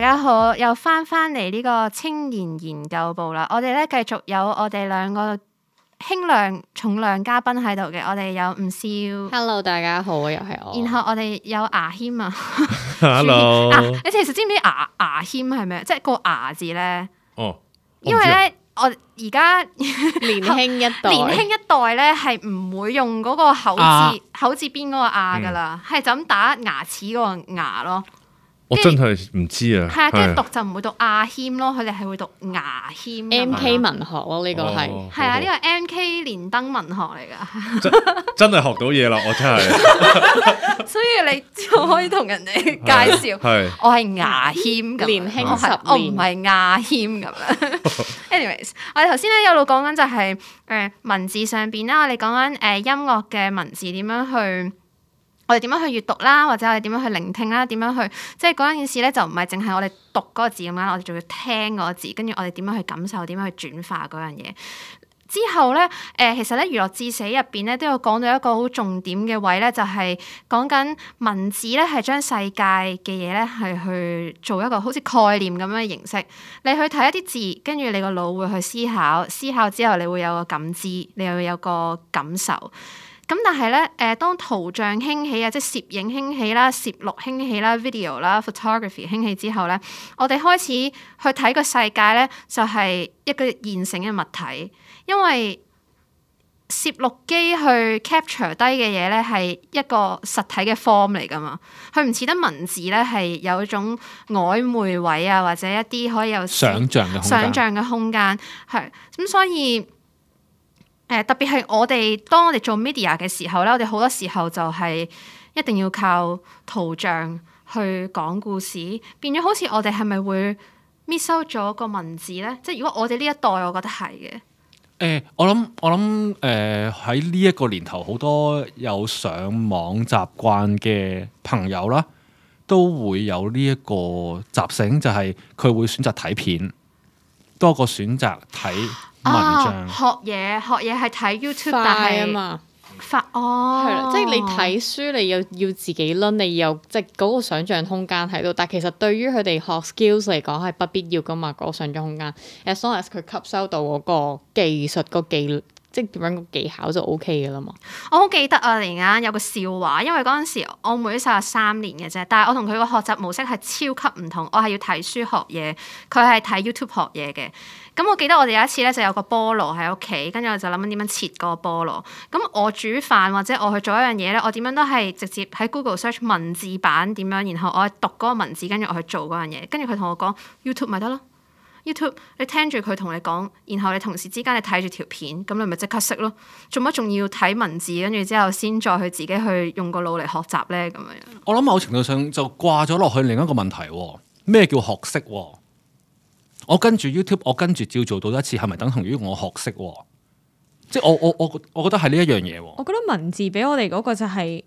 大家好，又翻翻嚟呢個青年研究部啦。我哋咧繼續有我哋兩個輕量、重量嘉賓喺度嘅。我哋有吳少，Hello，大家好，又係我。然後我哋有牙謙啊，Hello. 啊、你其實知唔知牙牙謙係咩？即係個牙字咧？Oh, 因為咧，我而家現 年輕一代， 年輕一代咧係唔會用嗰個口字、ah. 口字邊嗰個牙噶啦，係就咁打牙齒嗰個牙咯。我真係唔知啊，係啊，跟住讀就唔會讀阿謙咯，佢哋係會讀牙謙，M K 文學咯，呢個係係啊，呢個 M K 連登文學嚟噶，真真係學到嘢啦，我真係，所以你就可以同人哋介紹，我係牙謙咁年輕，我唔係阿謙咁樣。Anyways，我哋頭先咧一路講緊就係誒文字上邊啦，我哋講緊誒音樂嘅文字點樣去。我哋點樣去閱讀啦，或者我哋點樣去聆聽啦？點樣去？即係嗰件事咧，就唔係淨係我哋讀嗰個字咁樣，我哋仲要聽嗰個字，跟住我哋點樣去感受，點樣去轉化嗰樣嘢。之後咧，誒、呃，其實咧，娛樂至死入邊咧，都有講到一個好重點嘅位咧，就係、是、講緊文字咧，係將世界嘅嘢咧，係去做一個好似概念咁樣嘅形式。你去睇一啲字，跟住你個腦會去思考，思考之後你會有個感知，你又會有個感受。咁但係咧，誒、呃、當圖像興起啊，即係攝影興起啦、攝錄興起啦、video 啦、photography 興起之後咧，我哋開始去睇個世界咧，就係、是、一個現成嘅物體，因為攝錄機去 capture 低嘅嘢咧，係一個實體嘅 form 嚟㗎嘛，佢唔似得文字咧係有一種曖昧位啊，或者一啲可以有想像嘅想像嘅空間係，咁所以。誒，特別係我哋當我哋做 media 嘅時候咧，我哋好多時候就係一定要靠圖像去講故事，變咗好似我哋係咪會 miss 咗個文字咧？即係如果我哋呢一代，我覺得係嘅。誒、欸，我諗我諗誒喺呢一個年頭，好多有上網習慣嘅朋友啦，都會有呢一個習性，就係、是、佢會選擇睇片多過選擇睇。 啊、哦！學嘢學嘢係睇 YouTube，但係快啊嘛！發哦，係啦，即係你睇書，你又要自己攣，你又即係嗰個想像空間喺度。但其實對於佢哋學 skills 嚟講係不必要噶嘛，嗰個想像空間。As long as 佢吸收到嗰個技術、個技術、技術，即係點樣個技巧就 OK 嘅啦嘛。我好記得啊，嚟啱有個笑話，因為嗰陣時我妹細我三年嘅啫，但係我同佢個學習模式係超級唔同。我係要睇書學嘢，佢係睇 YouTube 學嘢嘅。咁我記得我哋有一次咧，就有個菠蘿喺屋企，跟住我就諗緊點樣切嗰個菠蘿。咁我煮飯或者我去做一樣嘢咧，我點樣都係直接喺 Google search 文字版點樣，然後我去讀嗰個文字，跟住我去做嗰樣嘢。跟住佢同我講 YouTube 咪得咯，YouTube 你聽住佢同你講，然後你同事之間你睇住條片，咁你咪即刻識咯。做乜仲要睇文字，跟住之後先再去自己去用個腦嚟學習咧？咁樣。我諗某程度上就掛咗落去另一個問題喎，咩叫學識喎？我跟住 YouTube，我跟住照做到一次，係咪等同於我學識？即係我我我，我覺得係呢一樣嘢。我覺得文字俾我哋嗰個就係，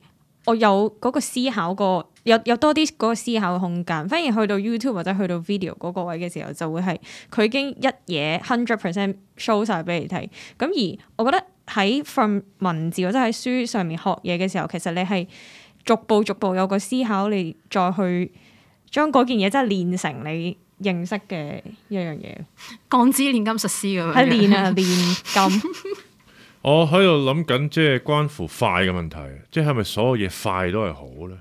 我有嗰個思考過，有有多啲嗰個思考嘅空間。反而去到 YouTube 或者去到 video 嗰個位嘅時候，就會係佢已經一嘢 hundred percent show 晒俾你睇。咁而我覺得喺 from 文字或者喺書上面學嘢嘅時候，其實你係逐步逐步有個思考，你再去將嗰件嘢真係練成你。認識嘅一樣嘢，鋼之煉金術師咁樣嘢係煉啊煉 練金。 我喺度諗緊，即係關乎快嘅問題，即係咪所有嘢快都係好咧？誒、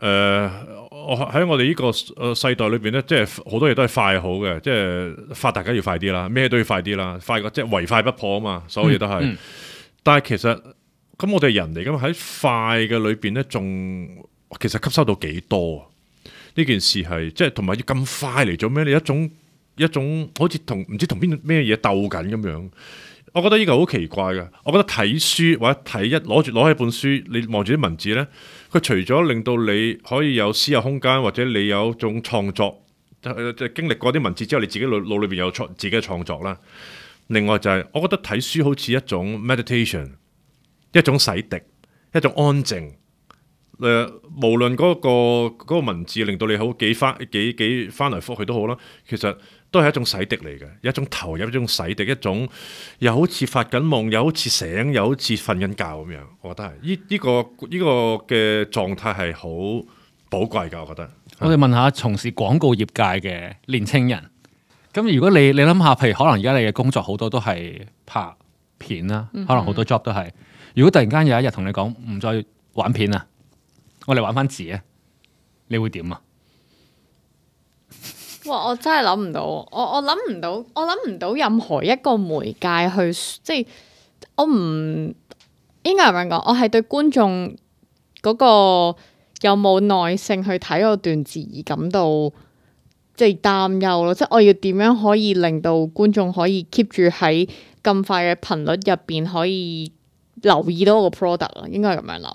呃，我喺我哋呢個誒世代裏邊咧，即係好多嘢都係快好嘅，即係發達緊要快啲啦，咩都要快啲啦，快過即係唯快不破啊嘛，所有嘢都係。嗯嗯、但係其實咁，我哋人嚟咁喺快嘅裏邊咧，仲其實吸收到幾多？呢件事係即係同埋要咁快嚟做咩？你一種一種好似同唔知同邊咩嘢鬥緊咁樣，我覺得呢個好奇怪嘅。我覺得睇書或者睇一攞住攞起本書，你望住啲文字呢，佢除咗令到你可以有私有空間，或者你有一種創作，就、呃、經歷過啲文字之後，你自己腦腦裏邊有創自己嘅創作啦。另外就係、是、我覺得睇書好似一種 meditation，一種洗滌，一種安靜。誒，無論嗰個嗰個文字令到你好幾翻幾幾翻來覆去都好啦，其實都係一種洗滌嚟嘅，一種投入，一種洗滌，一種又好似發緊夢，又好似醒，又好似瞓緊覺咁樣。我覺得係呢呢個呢個嘅狀態係好寶貴噶我覺得，我哋問下從、嗯、事廣告業界嘅年輕人，咁如果你你諗下，譬如可能而家你嘅工作好多都係拍片啦，可能好多 job 都係，嗯嗯，如果突然間有一日同你講唔再玩片啊？我嚟玩翻字啊，你會點啊？哇！我真係諗唔到，我我諗唔到，我諗唔到任何一個媒介去，即係我唔應該咁樣講。我係對觀眾嗰個有冇耐性去睇嗰段字而感到即係擔憂咯。即係我要點樣可以令到觀眾可以 keep 住喺咁快嘅頻率入邊可以留意到我 product 咯。應該係咁樣諗。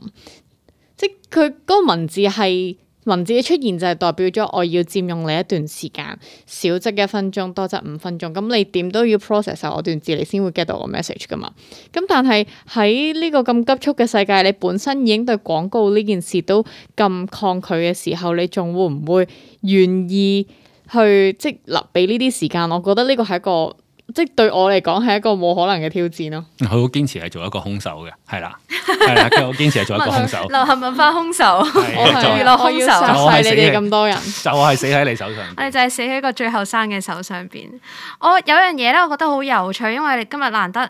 即佢嗰個文字係文字嘅出現就係代表咗我要佔用你一段時間，少則一分鐘，多則五分鐘。咁你點都要 process 下我段字，你先會 get 到我 message 噶嘛。咁但係喺呢個咁急促嘅世界，你本身已經對廣告呢件事都咁抗拒嘅時候，你仲會唔會願意去即係嗱俾呢啲時間？我覺得呢個係一個。即係對我嚟講係一個冇可能嘅挑戰咯。佢好堅持係做一個兇手嘅，係啦，係啦， 我堅持係做一個兇手。流行 文化兇手，娛樂兇手，就係 你哋咁多人， 就係死喺你手上。 我哋就係死喺個最後生嘅手上邊。 我有樣嘢咧，我覺得好有趣，因為今日難得，誒、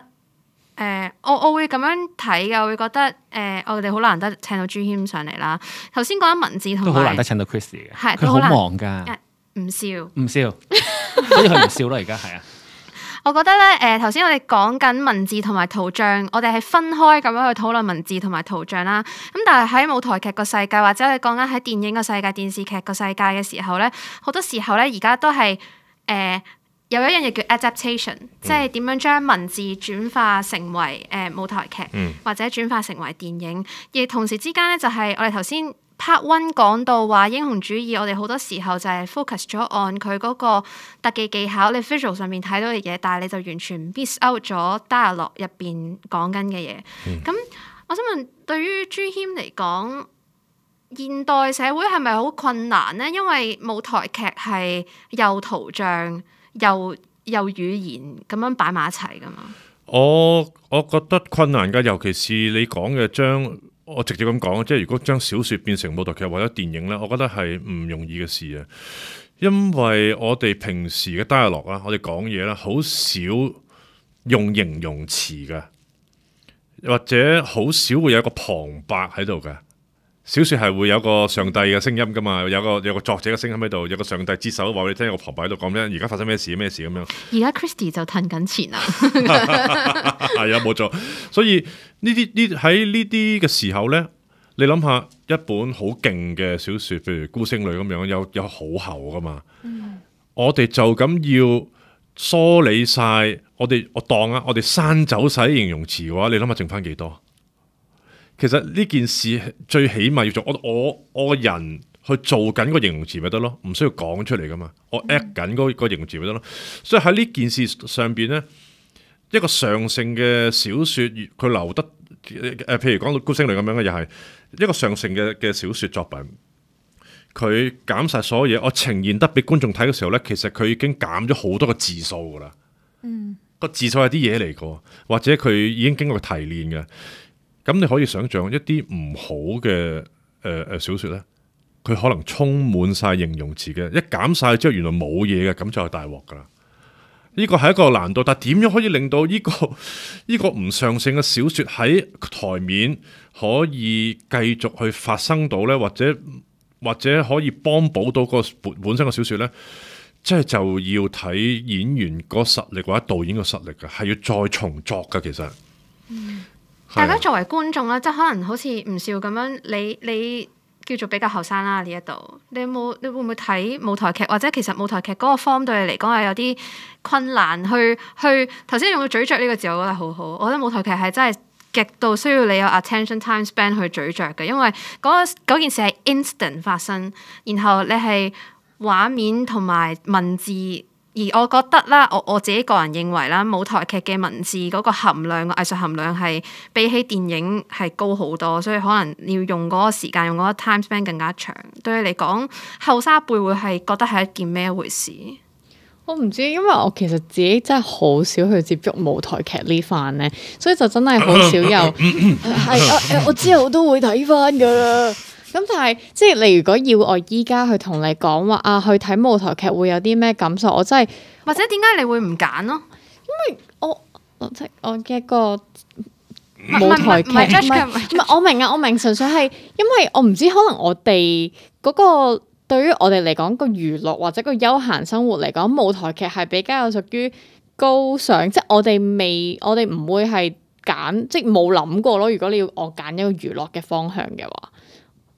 呃，我我會咁樣睇嘅，我會覺得誒、呃，我哋好難得請到朱謙上嚟啦。頭先講文字同埋，都好難得請到 Chris 嘅，佢好 忙噶，唔、啊、笑，唔笑，所以佢唔笑啦。而家係啊。我覺得咧，誒頭先我哋講緊文字同埋圖像，我哋係分開咁樣去討論文字同埋圖像啦。咁但係喺舞台劇個世界或者我哋講緊喺電影個世界、電視劇個世界嘅時候咧，好多時候咧而家都係誒、呃、有一樣嘢叫 adaptation，即係點樣將文字轉化成為誒、呃、舞台劇，嗯、或者轉化成為電影，而同時之間咧就係、是、我哋頭先。Part one 講到話英雄主義，我哋好多時候就係 focus 咗 on 佢嗰個特技技巧、你 visual 上面睇到嘅嘢，但係你就完全 miss out 咗 dialogue 入邊講緊嘅嘢。咁、嗯、我想問，對於朱謙嚟講，現代社會係咪好困難咧？因為舞台劇係又圖像又又語言咁樣擺埋一齊噶嘛。我我覺得困難嘅，尤其是你講嘅將。我直接咁講即係如果將小説變成舞台劇或者電影呢，我覺得係唔容易嘅事啊，因為我哋平時嘅 dialogue 啊，我哋講嘢啦，好少用形容詞嘅，或者好少會有一個旁白喺度嘅。小說係會有個上帝嘅聲音噶嘛，有個有個作者嘅聲音喺度，有個上帝之手話你聽個婆婆，我旁白喺度講咩，而家發生咩事咩事咁樣。而家 Christie 就褪緊錢喇。係啊，冇錯。所以呢啲呢喺呢啲嘅時候咧，你諗下一本好勁嘅小說，譬如《孤星女》咁樣，有有好厚噶嘛。嗯、我哋就咁要梳理晒，我哋我當啊，我哋刪走晒形容詞嘅話，你諗下剩翻幾多？其實呢件事最起碼要做我我我個人去做緊個形容詞咪得咯，唔需要講出嚟噶嘛，我 act 緊嗰個形容詞咪得咯。嗯、所以喺呢件事上邊咧，一個上乘嘅小說，佢留得，譬如講到《孤星淚》咁樣嘅又係一個上乘嘅嘅小說作品，佢減晒所有嘢，我呈現得俾觀眾睇嘅時候咧，其實佢已經減咗好多個字數噶啦。嗯，個字數係啲嘢嚟噶，或者佢已經經過提煉嘅。咁你可以想象一啲唔好嘅誒誒小説呢，佢可能充滿晒形容詞嘅，一減晒之後原來冇嘢嘅，咁就係大鑊噶啦！呢個係一個難度，但係點樣可以令到呢個呢個唔上乘嘅小説喺台面可以繼續去發生到呢？或者或者可以幫補到個本本身嘅小説呢？即係就要睇演員個實力或者導演個實力嘅，係要再重作嘅其實。嗯。大家作為觀眾啦，即係可能好似吳少咁樣，你你叫做比較後生啦呢一度，你有冇你會唔會睇舞台劇，或者其實舞台劇嗰個 form 對你嚟講係有啲困難去？去去頭先用到咀嚼呢個字，我覺得好好。我覺得舞台劇係真係極度需要你有 attention time span 去咀嚼嘅，因為嗰個嗰件事係 instant 發生，然後你係畫面同埋文字。而我覺得啦，我我自己個人認為啦，舞台劇嘅文字嗰個含量，個藝術含量係比起電影係高好多，所以可能要用嗰個時間，用嗰個 time span 更加長。對你嚟講，後生一輩會係覺得係一件咩回事？我唔知，因為我其實自己真係好少去接觸舞台劇呢，所以就真係好少有。係啊，我之後都會睇翻㗎喇。咁但係，即係你如果要我依家去同你講話啊，去睇舞台劇會有啲咩感受？我真係或者點解你會唔揀咯？因為我我即我嘅個舞台劇唔係唔係我明啊， 我明純粹係因為我唔知可能我哋嗰個對於我哋嚟講個娛樂或者個休閒生活嚟講，舞台劇係比較有屬於高尚，即係我哋未我哋唔會係揀，即係冇諗過咯。如果你要我揀一個娛樂嘅方向嘅話。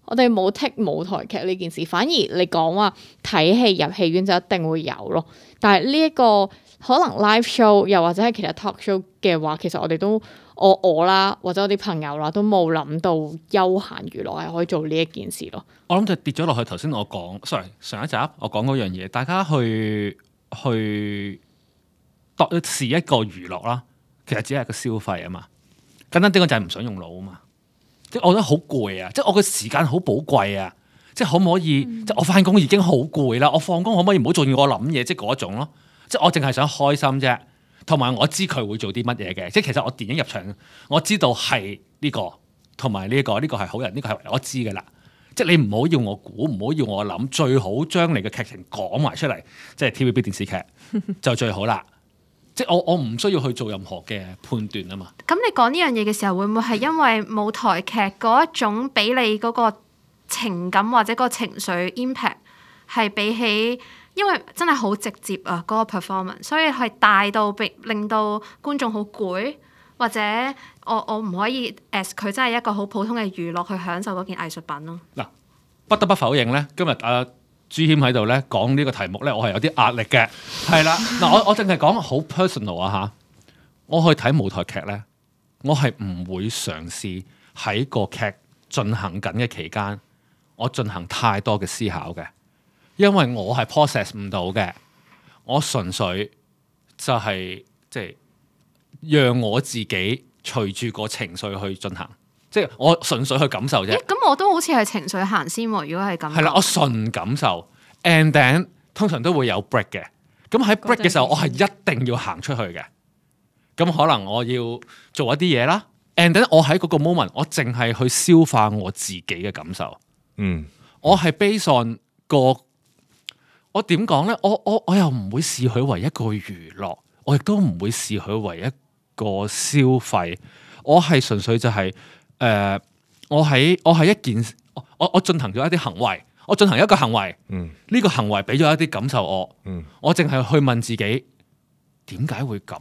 我哋冇剔舞台劇呢件事，反而你講話睇戲入戲院就一定會有咯。但係呢一個可能 live show 又或者係其他 talk show 嘅話，其實我哋都我我啦，或者我啲朋友啦，都冇諗到休閒娛樂係可以做呢一件事咯。我諗就跌咗落去。頭先我講 sorry，上一集我講嗰樣嘢，大家去去度是一個娛樂啦，其實只係一個消費啊嘛，簡單啲講就係唔想用腦啊嘛。即我覺得好攰啊！即係我個時間好寶貴啊！即係可唔可以？嗯、即我翻工已經好攰啦，我放工可唔可以唔好再要做我諗嘢？即係嗰種咯。即係我淨係想開心啫。同埋我知佢會做啲乜嘢嘅。即係其實我電影入場，我知道係呢個同埋呢個，呢、呢個係、呢個、好人，呢、呢個係我知嘅啦。即係你唔好要，要我估，唔好要，要我諗，最好將你嘅劇情講埋出嚟，即係 TVB 電視劇就最好啦。 即我我唔需要去做任何嘅判斷啊嘛。咁你講呢樣嘢嘅時候，會唔會係因為舞台劇嗰一種俾你嗰個情感或者嗰個情緒 impact 係比起，因為真係好直接啊，嗰個 performance，所以係大到令到觀眾好攰，或者我我唔可以 ask 佢真係一個好普通嘅娛樂去享受嗰件藝術品咯、啊。嗱，不得不否認咧，今日啊。Uh 朱謙喺度咧，講呢個題目咧，我係有啲壓力嘅，係啦。嗱，我我淨係講好 personal 啊吓，我去睇舞台劇咧，我係唔會嘗試喺個劇進行緊嘅期間，我進行太多嘅思考嘅，因為我係 process 唔到嘅，我純粹就係即係讓我自己隨住個情緒去進行。即係我純粹去感受啫。咁我都好似係情緒行先喎、啊。如果係咁，係啦，我純感受，and then 通常都會有 break 嘅。咁喺 break 嘅時候，我係一定要行出去嘅。咁可能我要做一啲嘢啦。and then 我喺嗰個 moment，我淨係去消化我自己嘅感受。嗯，我係 based on 個，我點講咧？我我我又唔會視佢為一個娛樂，我亦都唔會視佢為一個消費。我係純粹就係、是。誒、uh，我喺我係一件，我我進行咗一啲行為，我進行一個行為，呢、嗯、個行為俾咗一啲感受我，嗯、我淨係去問自己點解會咁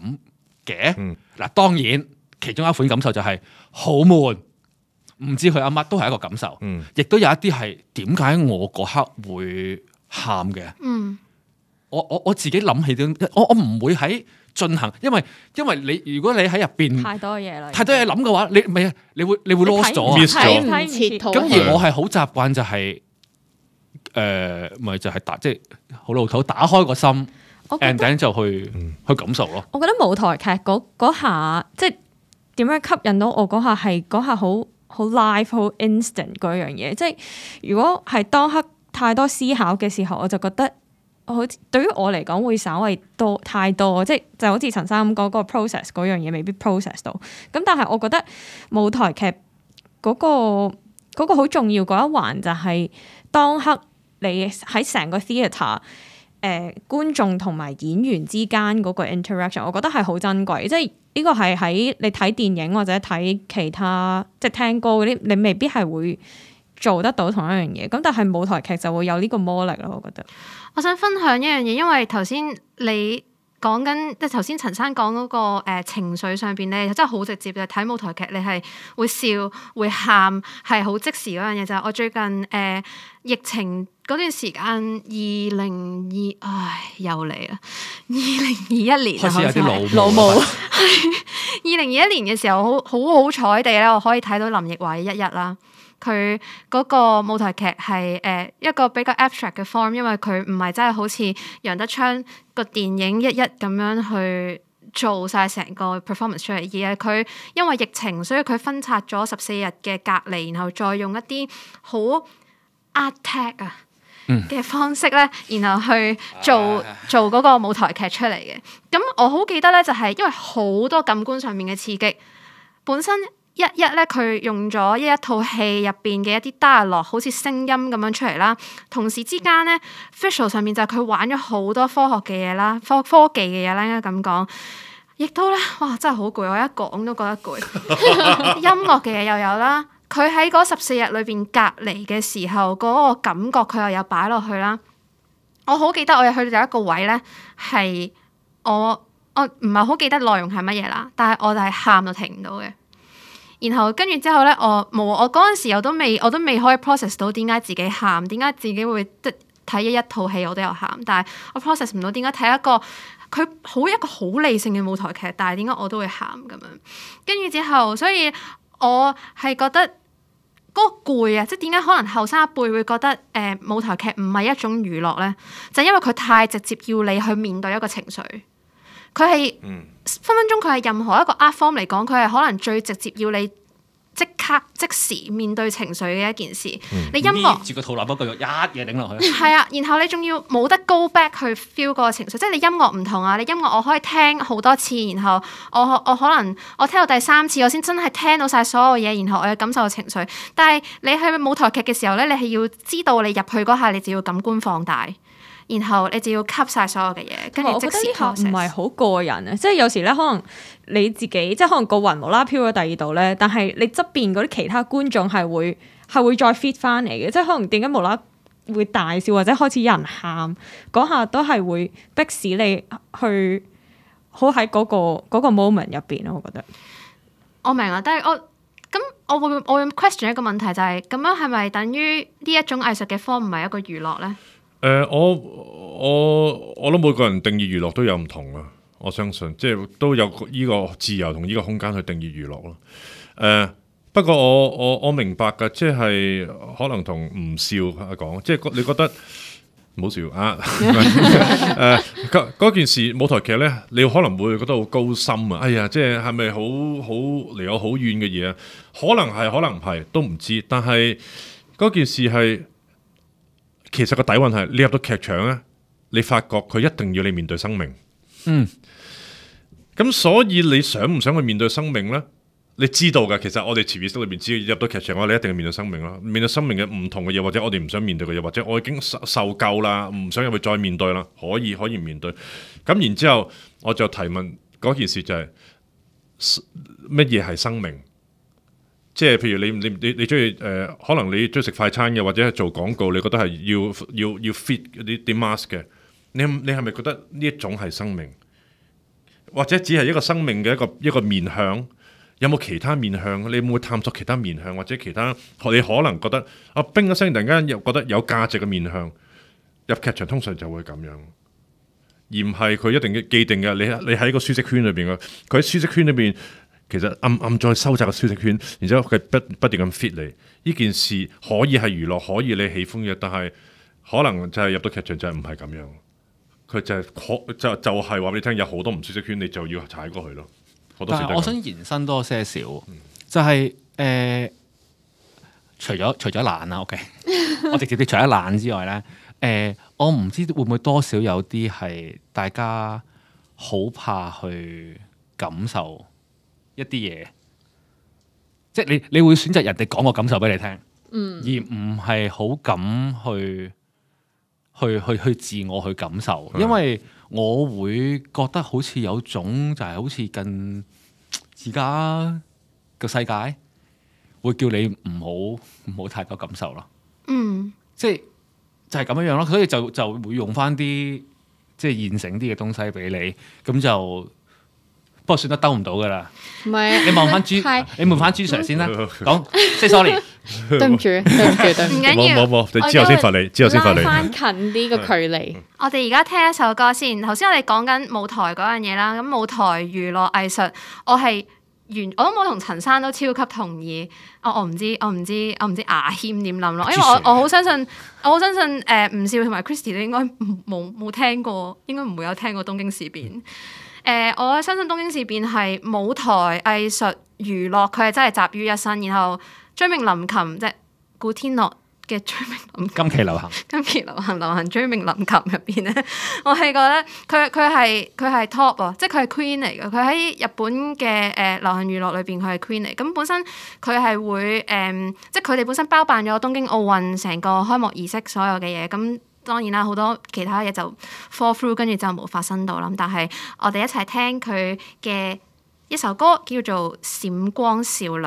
嘅？嗱，嗯、當然其中一款感受就係好悶，唔知佢阿媽都係一個感受，亦都、嗯、有一啲係點解我嗰刻會喊嘅、嗯？我我我自己諗起啲，我我唔會喺。進行，因為因為你如果你喺入邊太多嘢啦，太多嘢諗嘅話，你咪你，你，你會你會 lost 咗，睇睇唔切。咁而我係好習慣就係、是、誒，咪的、呃、就係、是、打即係好老土，就是打，就是、打開個心，and then 就去、嗯、去感受咯。我覺得舞台劇嗰下即係點樣吸引到我嗰下係嗰下好好 live 好 instant 嗰樣嘢。即係如果係當刻太多思考嘅時候，我就覺得。好，對於我嚟講會稍微多太多，即係就好似陳生咁講嗰個 process 嗰樣嘢，未必 process 到。咁但係我覺得舞台劇嗰個嗰個好重要嗰一環就係當刻你喺成個 theatre，誒觀眾同埋演員之間嗰個 interaction，我覺得係好珍貴。即係呢個係喺你睇電影或者睇其他即係聽歌嗰啲，你未必係會，做得到同一樣嘢，咁但係舞台劇就會有呢個魔力咯。我覺得，我想分享一樣嘢，因為頭先你講緊，即係頭先陳生講嗰個誒情緒上邊咧，真係好直接嘅。睇舞台劇你係會笑會喊，係好即時嗰樣嘢就係、是、我最近誒、呃、疫情嗰段時間，二零二唉又嚟啦，二零二一年開始有啲老母老毛母，二零二一年嘅時候好好好彩地咧，我可以睇到林奕華一日啦。佢嗰個舞台劇係誒一個比較 abstract 嘅 form，因為佢唔係真係好似楊德昌個電影一一咁樣去做晒成個 performance 出嚟，而係佢因為疫情，所以佢分拆咗十四日嘅隔離，然後再用一啲好 art tag 啊嘅方式咧，嗯、然後去做做嗰個舞台劇出嚟嘅。咁我好記得咧，就係因為好多感官上面嘅刺激，本身。一一咧，佢用咗一一套戲入邊嘅一啲 dialogue，好似聲音咁樣出嚟啦。同時之間咧，facial 上面就係佢玩咗好多科學嘅嘢啦，科科技嘅嘢啦，應該咁講。亦都咧，哇，真係好攰，我一講都覺得攰 音樂嘅嘢又有啦，佢喺嗰十四日裏邊隔離嘅時候，嗰、嗰個感覺佢又有擺落去啦。我好記得，我又去到一個位咧，係我我唔係好記得內容係乜嘢啦，但係我就係喊就停唔到嘅。然後跟住之後咧，我冇，我嗰陣時我都未，我都未可以 process 到點解自己喊，點解自己會即睇一一套戲，我都有喊，但係我 process 唔到點解睇一個佢好一個好理性嘅舞台劇，但係點解我都會喊咁樣？跟住之後，所以我係覺得嗰個攰啊，即點解可能後生一輩會覺得誒舞台劇唔係一種娛樂咧？就因為佢太直接要你去面對一個情緒。佢係、嗯、分分鐘，佢係任何一個 art form 嚟講，佢係可能最直接要你即刻即時面對情緒嘅一件事。嗯、你音樂住個肚腩嗰嚿肉一嘢頂落去。係啊、嗯，然後你仲要冇得 go back 去 feel 嗰個情緒，即係你音樂唔同啊！你音樂我可以聽好多次，然後我我，我可能我聽到第三次，我先真係聽到晒所有嘢，然後我要感受情緒。但係你去舞台劇嘅時候咧，你係要知道你入去嗰下，你就要感官放大。然後你就要吸晒所有嘅嘢，跟住有即時收聲。唔係好過癮啊！即係有時咧，可能你自己即係可能個雲無啦啦飄咗第二度咧，但係你側邊嗰啲其他觀眾係會係會再 fit 翻嚟嘅。即係可能點解無啦啦會大笑或者開始有人喊嗰下都係會逼使你去好喺嗰個嗰個 moment 入邊咯、啊。我覺得我明啊，但係我咁我會我 question 一個問題，就係咁樣係咪等於呢一種藝術嘅科唔係一個娛樂咧？誒、呃，我我我諗每個人定義娛樂都有唔同啊，我相信，即係都有依個自由同依個空間去定義娛樂咯。誒、呃，不過我我我明白噶，即係可能同吳少講，即係你覺得冇笑啊？誒，嗰件事舞台劇咧，你可能會覺得好高深啊！哎呀，即係係咪好好離我好遠嘅嘢啊？可能係，可能係，都唔知。但係嗰件事係。其實個底蘊係你入到劇場咧，你發覺佢一定要你面對生命。嗯。咁所以你想唔想去面對生命呢？你知道嘅，其實我哋潛意識裏面，只要入到劇場，我哋一定要面對生命囉。面對生命嘅唔同嘅嘢，或者我哋唔想面對嘅嘢，或者我已經受受夠啦，唔想入去再面對啦，可以可以面對。咁然之後，我就提問嗰件事就係乜嘢係生命？即係譬如你你你你中意誒，可能你中意食快餐嘅，或者係做廣告，你覺得係要要要 fit 啲 mask 嘅。你你係咪覺得呢一種係生命？或者只係一個生命嘅一個一個面向？有冇其他面向？你有冇探索其他面向或者其他？你可能覺得阿、啊、冰一聲突然間又覺得有價值嘅面向入劇場，通常就會咁樣，而唔係佢一定要既定嘅。你你喺個舒適圈裏邊嘅，佢喺舒適圈裏邊。其實暗暗再收窄個消息圈，然之後佢不不斷咁 fit 你。呢件事可以係娛樂，可以你喜歡嘅，但係可能就係入到劇場就唔係咁樣。佢就係、是、就就係話俾你聽，有好多唔舒適圈，你就要踩過去咯。多但係我想延伸多些少，嗯、就係、是、誒、呃，除咗除咗懶啦，OK， 我直接啲除咗懶之外咧，誒、呃，我唔知會唔會多少有啲係大家好怕去感受。一啲嘢，即係你你會選擇人哋講個感受俾你聽，嗯、而唔係好敢去去去去自我去感受，的因為我會覺得好似有種就係、是、好似近而家個世界會叫你唔好唔好太多感受咯，嗯，即係就係咁樣樣咯，所以就就會用翻啲即係現成啲嘅東西俾你，咁就。不過算得兜唔到噶啦，唔係，你望翻朱，你望翻朱 Sir 先啦，講即係 sorry，對唔住，對唔住。唔緊要，唔緊要，我而家你翻近啲個距離。我哋而家聽一首歌先，頭先我哋講緊舞台嗰樣嘢啦，咁舞台娛樂藝術，我係原我都冇同陳生都超級同意。我我唔知我唔知我唔知牙謙點諗咯，因為我我好相信我好相信誒吳少同埋 Kristy，你應該冇冇聽過，應該唔會有聽過東京事變。誒、呃，我相信東京事變係舞台藝術娛樂，佢係真係集於一身。然後追命林琴即係古天樂嘅追命林琴，今期流行。今期流行流行追命林琴入邊咧，我係覺得佢佢係佢係 top 喎，即係佢係 queen 嚟嘅。佢喺日本嘅誒、呃、流行娛樂裏邊，佢係 queen 嚟。咁本身佢係會誒、嗯，即係佢哋本身包辦咗東京奧運成個開幕儀式所有嘅嘢。咁當然啦，好多其他嘢就 fall through，跟住就冇發生到啦。但係我哋一齊聽佢嘅一首歌叫做《閃光少女》。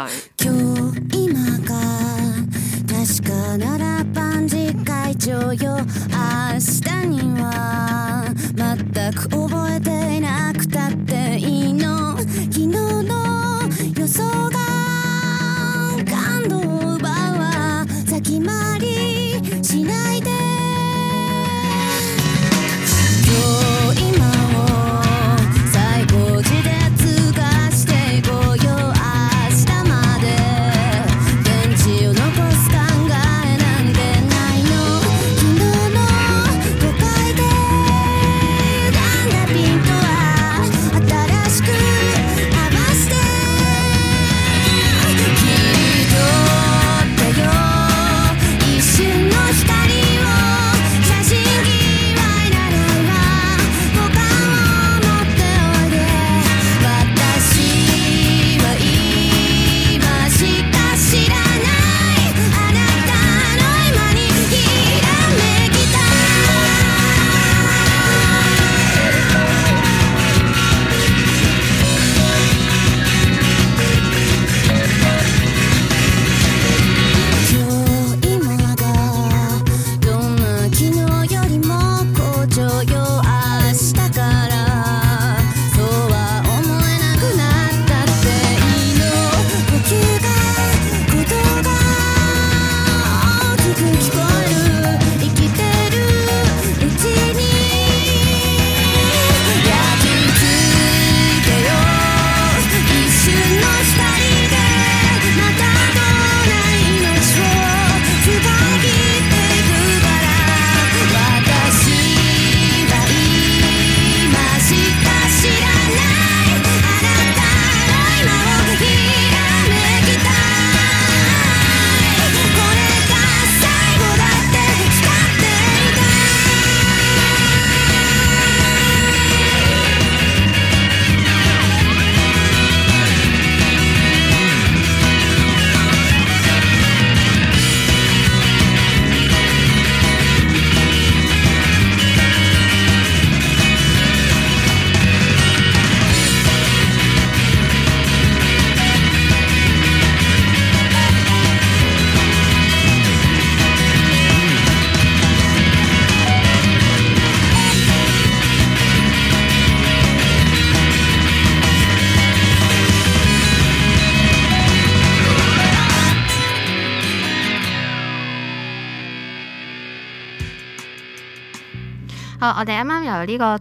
呢個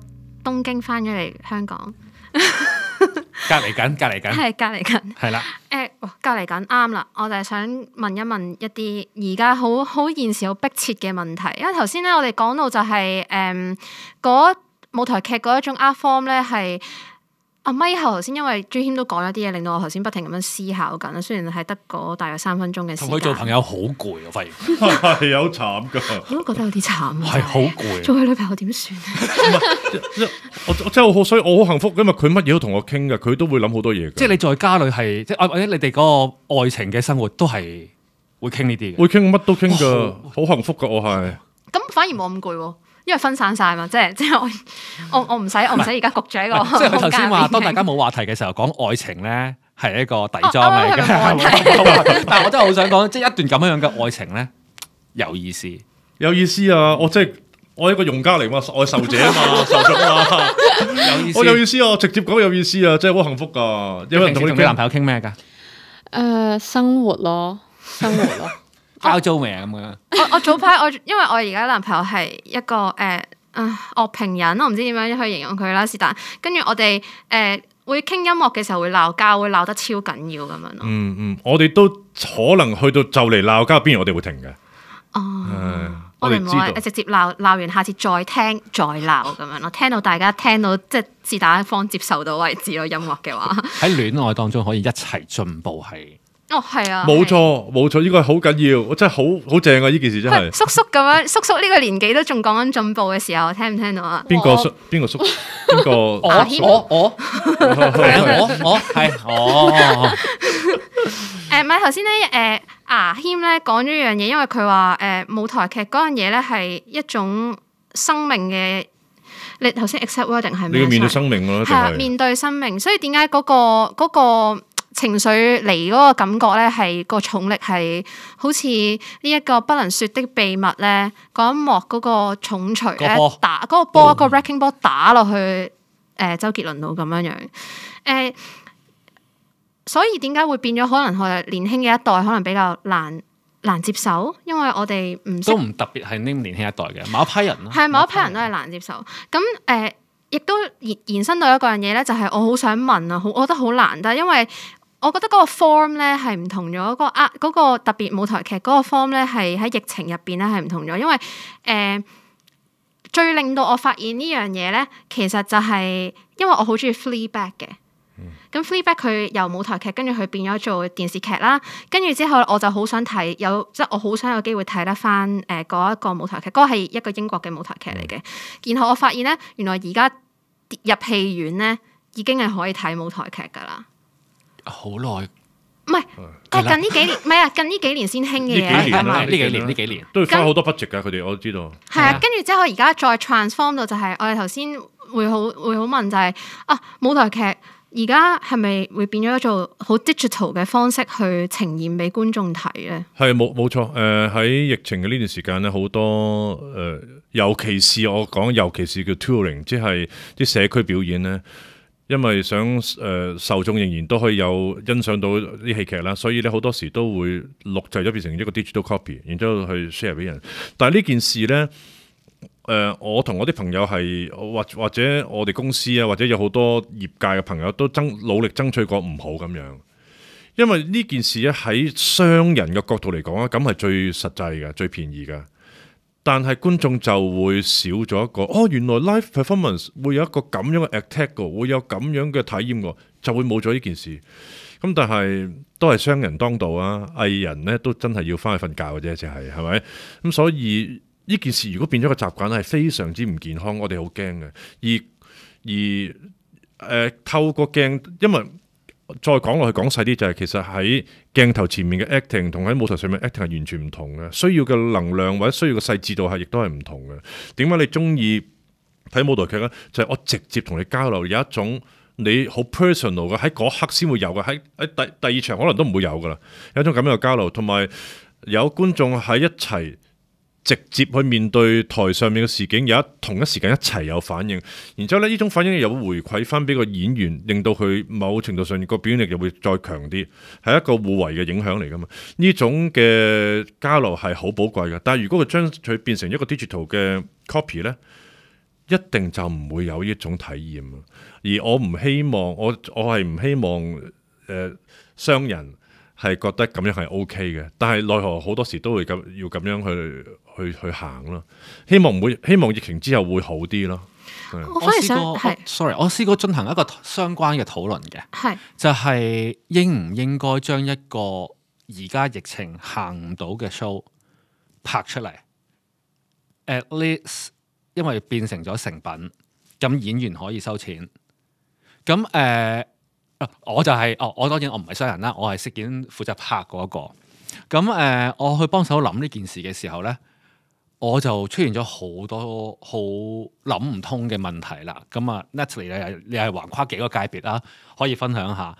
東京翻咗嚟香港， 隔離緊，隔離緊，係隔離緊，係啦。誒，隔離緊啱啦，我就係想問一問一啲而家好好現時好迫切嘅問題，因為頭先咧我哋講到就係誒嗰舞台劇嗰一種 art form 咧係。阿咪，頭先因為朱謙都講咗啲嘢，令到我頭先不停咁樣思考緊。雖然係得嗰大約三分鐘嘅時間。同佢做朋友，好攰，我發現係有 慘㗎。 我都覺得有啲慘啊。好攰 累。做佢女朋友點算啊？我真係好，所以我好幸福，因為佢乜嘢都同我傾嘅，佢都會諗好多嘢。即係你在家裏係即係或者你哋嗰個愛情嘅生活都係會傾呢啲嘅。會傾乜都傾㗎，好、哦、幸福㗎，我係。咁反而冇咁攰喎。因為分散晒嘛，即係即係我我我唔使，我唔使而家焗住一個。即係佢頭先話，當大家冇話題嘅時候，講愛情咧係一個底妝嚟嘅。但係我真係好想講，即係一段咁樣樣嘅愛情咧，有意思，有意思啊！我即係我一個用家嚟嘛，我受者啊嘛，受足 啊，有意思， 我有意思啊！我直接講有意思啊，真係好幸福噶、啊！有人同你男朋友傾咩噶？誒、呃，生活咯，生活咯。 交租名咁樣，我我早排我， 我因為我而家男朋友係一個誒啊樂評人，我唔知點樣去形容佢啦。是但，跟住我哋誒、呃、會傾音樂嘅時候會鬧交，會鬧得超緊要咁樣咯。嗯嗯，我哋都可能去到就嚟鬧交，邊我哋會停嘅。哦，嗯、我哋唔會直接鬧鬧完，下次再聽再鬧咁樣咯。聽到大家聽到即係打一方接受到為止咯，音樂嘅話喺戀愛當中可以一齊進步係。哦，係啊，冇錯冇錯，依個好緊要，我真係好好正啊！呢件事真係叔叔咁樣，叔叔呢個年紀都仲講緊進步嘅時候，聽唔聽到啊？邊個叔？邊個叔？邊個？阿謙？我？我？我？我？哦，係我？誒，唔係頭先咧，誒，牙謙咧講咗一樣嘢，因為佢話誒，舞台劇嗰樣嘢咧係一種生命嘅，你頭先 excelling 係咪？你要面對生命咯，係啊，面對生命，所以點解嗰個嗰個？情緒嚟嗰個感覺咧，係個重力係好似呢一個不能説的秘密咧。嗰一幕嗰個重錘咧打嗰、那個波，個、嗯、個 racking 波打落去誒、呃、周杰倫度咁樣樣。誒、呃，所以點解會變咗？可能係年輕嘅一代可能比較難難接受，因為我哋唔都唔特別係呢年輕一代嘅某一批人啦、啊，係某一批人都係難接受。咁誒，亦、呃、都延延伸到一個樣嘢咧，就係我好想問啊，好我覺得好難得，因為。我覺得嗰個 form 咧係唔同咗，嗰個呃嗰個特別舞台劇嗰個 form 咧係喺疫情入邊咧係唔同咗，因為誒、呃、最令到我發現呢樣嘢咧，其實就係因為我好中意 Fleabag 嘅，咁 Fleabag 佢由舞台劇跟住佢變咗做電視劇啦，跟住之後我就好想睇有即係、就是、我好想有機會睇得返誒嗰一個舞台劇，嗰、那個係一個英國嘅舞台劇嚟嘅，嗯、然後我發現咧原來而家入戲院咧已經係可以睇舞台劇噶啦。好耐，唔係，係是啦、啊、近呢幾年，唔係啊，近呢幾年先興嘅嘢，呢、啊、幾年，呢幾年，呢幾年，都好多 budget 噶，佢哋我都知道。係啊，是啊，跟住之後而家再 transform 到就係，我哋頭先會好會好問就係、是，啊舞台劇而家係咪會變咗一個好 digital 嘅方式去呈現俾觀眾睇咧？係，冇冇錯。誒喺、呃、疫情嘅呢段時間咧，好多誒、呃，尤其是我講，尤其是叫 touring，即係啲社區表演咧。因為想誒、呃、受眾仍然都可以有欣賞到啲戲劇啦，所以咧好多時都會錄製咗變成一個 digital copy，然之後去 share 俾人。但係呢件事呢，誒、呃、我同我啲朋友係或或者我哋公司啊，或者有好多業界嘅朋友都爭努力爭取過唔好咁樣，因為呢件事咧喺商人嘅角度嚟講啊，咁係最實際嘅、最便宜嘅。但係觀眾就會少咗一個哦，原來 live performance 會有一個咁樣嘅 attack 㗎，會有咁樣嘅體驗㗎，就會冇咗呢件事。咁但係都係商人當道啊，藝人呢都真係要翻去瞓覺嘅啫，即係係咪？咁所以呢件事如果變咗個習慣，係非常之唔健康，我哋好驚嘅。而而誒、呃、透過鏡，因為。再講落去講細啲就係其實喺鏡頭前面嘅 acting 同喺舞台上面 acting 係完全唔同嘅，需要嘅能量或者需要嘅細緻度係亦都係唔同嘅。點解你中意睇舞台劇呢？就係我直接同你交流，有一種你好 personal 嘅喺嗰刻先會有嘅，喺喺第第二場可能都唔會有噶啦。有一種咁樣嘅交流，同埋有，有觀眾喺一齊。直接去面對台上面嘅事件，有一同一時間一齊有反應，然之後呢，呢種反應又會回饋翻俾個演員，令到佢某程度上個表現力又會再強啲，係一個互為嘅影響嚟㗎嘛？呢種嘅交流係好寶貴嘅，但係如果佢將佢變成一個 digital 嘅 copy 呢，一定就唔會有呢種體驗。而我唔希望，我我係唔希望，呃，商人係覺得咁樣係 OK 嘅，但係奈何好多時都會咁要咁樣去。去去行咯，希望唔會希望疫情之後會好啲咯。我試過的、oh,，sorry，我試過進行一個相關嘅討論嘅，係的就係應唔應該將一個而家疫情行唔到嘅 show 拍出嚟？at least 因為變成咗成品，咁演員可以收錢。咁誒、uh, uh, 就是，我就係哦，我當然我唔係商人啦，我係飾演負責拍嗰、那個。咁誒，uh, 我去幫手諗呢件事嘅時候咧。我就出現咗好多好諗唔通嘅問題啦，咁啊，Natalie 你係橫跨幾個界別啦，可以分享下。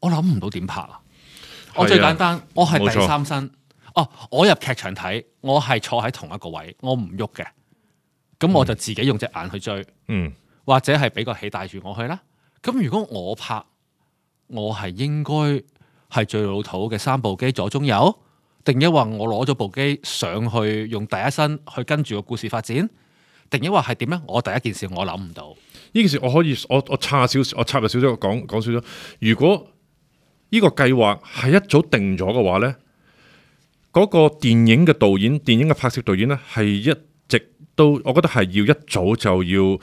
我諗唔到點拍，啊、我最簡單，我係第三身。哦冇錯、啊，我入劇場睇，我係坐喺同一個位，我唔喐嘅，咁我就自己用隻眼去追，嗯，或者係俾個戲帶住我去啦。咁如果我拍，我係應該係最老土嘅三部機，左中右。定一話我攞咗部機上去用第一身去跟住個故事發展，定一話係點呢？我第一件事我諗唔到。呢件事我可以我我插少少，我插入少我入少講講少少。如果呢個計劃係一早定咗嘅話呢嗰、嗰個電影嘅導演、電影嘅拍攝導演呢，係一直都我覺得係要，要一早就要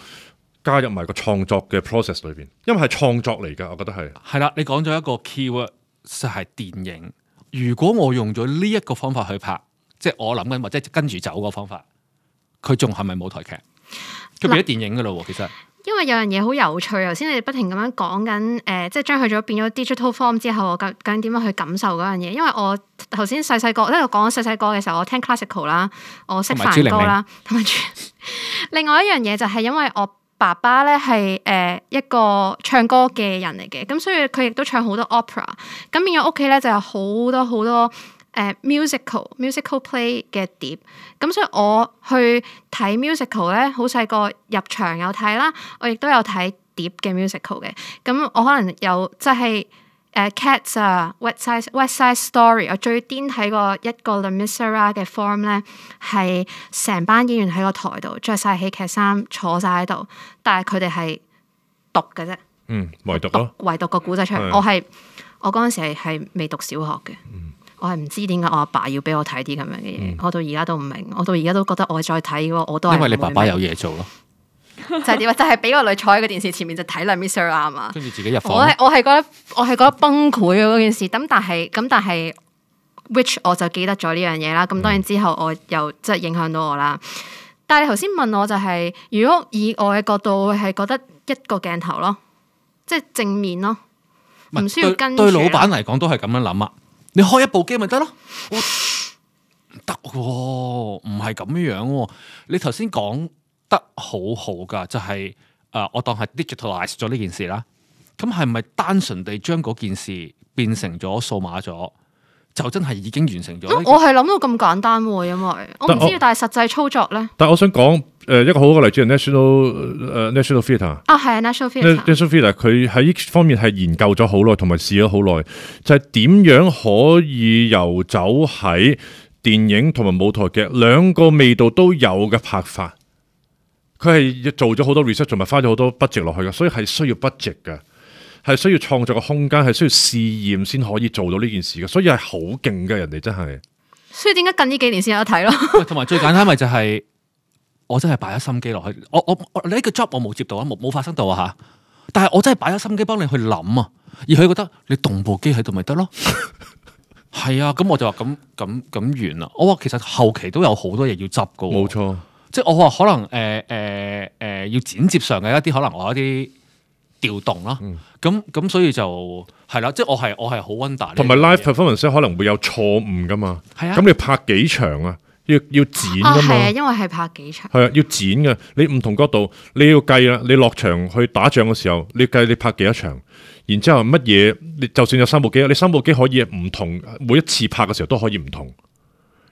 加入埋個創作嘅 process 裏邊，因為係創作嚟噶，我覺得係。係啦，你講咗一個 keyword 就係電影。如果我用咗呢一個方法去拍，即係我諗緊或者跟住走個方法，佢仲係咪舞台劇？佢變咗電影噶咯喎，其實。因為有樣嘢好有趣，頭先你哋不停咁樣講緊，誒、呃，即係將佢咗變咗 digital form 之後，我究竟點樣去感受嗰樣嘢？因為我頭先細細個，一路講細細個嘅時候，我聽 classical 啦，我識梵高啦，同埋朱，另外一樣嘢就係因為我。爸爸咧係誒一個唱歌嘅人嚟嘅，咁、嗯、所以佢亦都唱好多 Opera，咁、嗯、變咗屋企咧就有、是、好多好多誒、呃、musical musical play 嘅碟，咁、嗯、所以我去睇 musical 咧，好細個入場有睇啦，我亦都有睇碟嘅 musical 嘅，咁、嗯、我可能有即係。就是誒、uh, cats 啊，West Side West Side Story，我最癲睇過一個 Les Misérables 嘅 form 咧，係成班演員喺個台度着晒戲劇衫坐晒喺度，但係佢哋係讀嘅啫，嗯，唯讀咯，唯讀個古仔出嚟、嗯。我係我嗰陣時係未讀小學嘅，嗯、我係唔知點解我阿爸，爸要俾我睇啲咁樣嘅嘢，我到而家都唔明，我到而家都覺得我再睇我我都係，因為你爸爸有嘢做咯。 就係點啊？就係俾個女坐喺個電視前面就睇兩 miss 啊嘛，跟住自己入房我。我係我係覺得我係覺得崩潰啊！嗰件事，咁但係咁但係，which 我就記得咗呢樣嘢啦。咁當然之後我又即係、就是、影響到我啦。但係你頭先問我就係、是，如果以我嘅角度，我係覺得一個鏡頭咯，即係正面咯，唔需要跟對對。對老闆嚟講都係咁樣諗啊！你開一部機咪得咯？唔得，唔係咁樣樣、哦。你頭先講。得好好噶，就係、是、誒、呃，我當係 digitalize 咗呢件事啦。咁係咪單純地將嗰件事變成咗數碼咗，就真係已經完成咗、呃？我係諗到咁簡單，因為我唔知，但係我實際操作咧。但係我想講誒、呃，一個好嘅例子 National 誒，National Theatre 啊，係 National Theatre National Theatre 佢喺呢方面係研究咗好耐，同埋試咗好耐，就係、是、點樣可以游走喺電影同埋舞台劇兩個味道都有嘅拍法。佢係做咗好多 research，同埋花咗好多 budget 落去嘅，所以係需要 budget 嘅，係需要創作嘅空間，係需要試驗先可以做到呢件事嘅，所以係好勁嘅，人哋真係。所以點解近呢幾年先有得睇咯？同埋 最簡單咪就係、是，我真係擺咗心機落去。我我，我你呢個 job 我冇接到啊，冇冇發生到啊吓。但係我真係擺咗心機幫你去諗啊，而佢覺得你動部機喺度咪得咯。係 啊，咁我就話咁咁咁完啦。我話其實後期都有好多嘢要執嘅，冇錯。即係我話可能誒誒誒要剪接上嘅一啲可能我一啲調動啦，咁咁、嗯、所以就係啦，即係我係我係好 wonder 同埋 live performance 可能會有錯誤噶嘛，係啊，咁你拍幾場啊？要要剪噶嘛，係、哦、啊，因為係拍幾場，係啊，要剪噶，你唔同角度，你要計啊，你落場去打仗嘅時候，你要計你拍幾多場，然之後乜嘢？你就算有三部機，你三部機可以唔同，每一次拍嘅時候都可以唔同，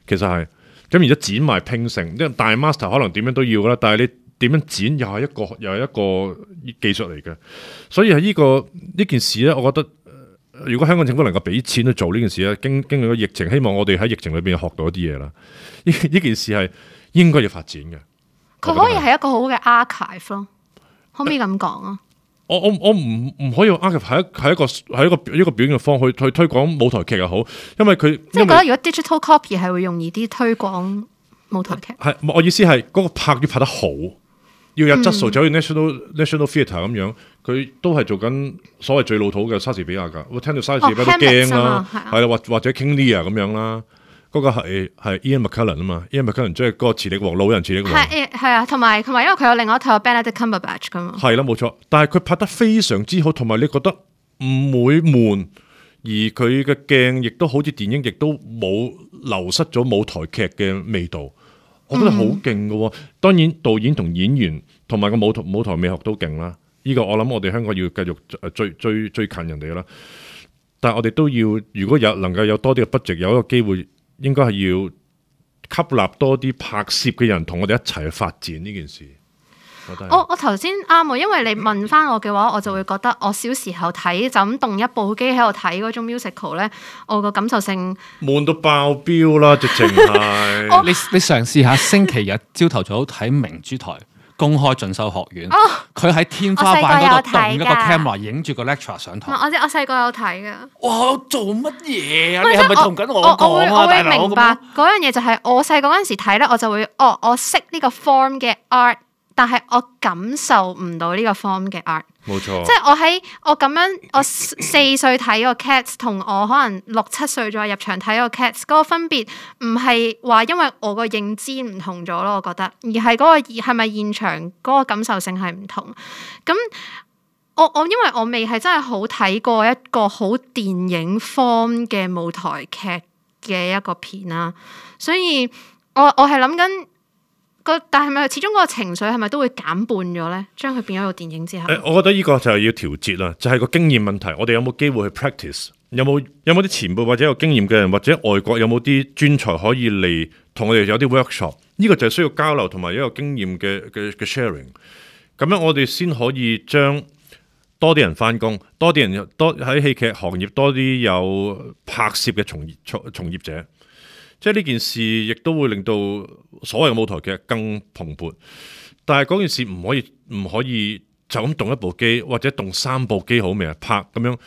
其實係。咁而家剪埋拼成，因為大 master 可能點樣都要啦，但係你點樣剪又係一個又係一個技術嚟嘅，所以係呢、這個呢件事咧，我覺得、呃、如果香港政府能夠俾錢去做呢件事咧，經經歷咗疫情，希望我哋喺疫情裏邊學到一啲嘢啦。呢呢件事係應該要發展嘅，佢可以係一個好嘅 archive 咯、啊，可唔可以咁講啊？我我我唔唔可以用 argue 係一係一個係一個一個表演嘅方去去推廣舞台劇又好，因為佢即係覺得如果 digital copy 係會容易啲推廣舞台劇。係、啊，我意思係嗰、那個拍要拍得好，要有質素，嗯、就好似 National National Theatre 咁樣，佢都係做緊所謂最老土嘅莎士比亞噶，我聽到莎士比亞都驚啦，係啦，或或者 King Lear 咁樣啦。嗰個係係 Ian McKellen 啊嘛，Ian McKellen 即係個磁力王，老人磁力王，係啊，同埋同埋，因為佢有另外一套 Benedict Cumberbatch 咁啊，係啦冇錯，但係佢拍得非常之好，同埋你覺得唔會悶，而佢嘅鏡亦都好似電影，亦都冇流失咗舞台劇嘅味道。我覺得好勁㗎喎，嗯、當然導演同演員同埋個舞台舞台美學都勁啦。呢、呢個我諗我哋香港要繼續誒追追追，追近人哋啦。但係我哋都要如果有能夠有多啲嘅 budget，有一個機會。應該係要吸納多啲拍攝嘅人同我哋一齊去發展呢件事。我得我頭先啱啊，因為你問翻我嘅話，我就會覺得我小時候睇就咁動一部機喺度睇嗰種 musical 咧，我個感受性悶到爆表啦，直情係 我。你你嘗試下星期日朝頭 早睇明珠台。公開進修學院，佢喺、哦、天花板嗰度掟一個 camera 影住個 lecture 上堂。我知我細個有睇噶。哇，做乜嘢是啊？你係咪同緊我講我，我，我會明白嗰哥樣嘢就係我細個嗰陣時睇咧，我就會哦，我識呢個 form 嘅 art。但係我感受唔到呢個 form 嘅 art，冇錯。即係我喺我咁樣，我四歲睇個 cats，同我可能六七歲再入場睇個 cats，嗰個分別唔係話因為我個認知唔同咗咯，我覺得，而係嗰個係咪現場嗰個感受性係唔同？咁我我因為我未係真係好睇過一個好電影 form 嘅舞台劇嘅一個片啦，所以我我係諗緊。個但係咪始終嗰個情緒係咪都會減半咗呢？將佢變咗個電影之後，哎，我覺得呢個就係要調節啦，就係、是、個經驗問題。我哋有冇機會去 practice？有冇有冇啲前輩或者有經驗嘅人，或者外國有冇啲專才可以嚟同我哋有啲 workshop？呢個就係需要交流同埋一個經驗嘅嘅嘅 sharing。咁樣我哋先可以將多啲人翻工，多啲人多喺戲劇行業多啲有拍攝嘅從業從業者。即係呢件事，亦都會令到所謂嘅舞台劇更蓬勃。但係嗰件事唔可以唔可以就咁動一部機，或者動三部機好咩？拍咁樣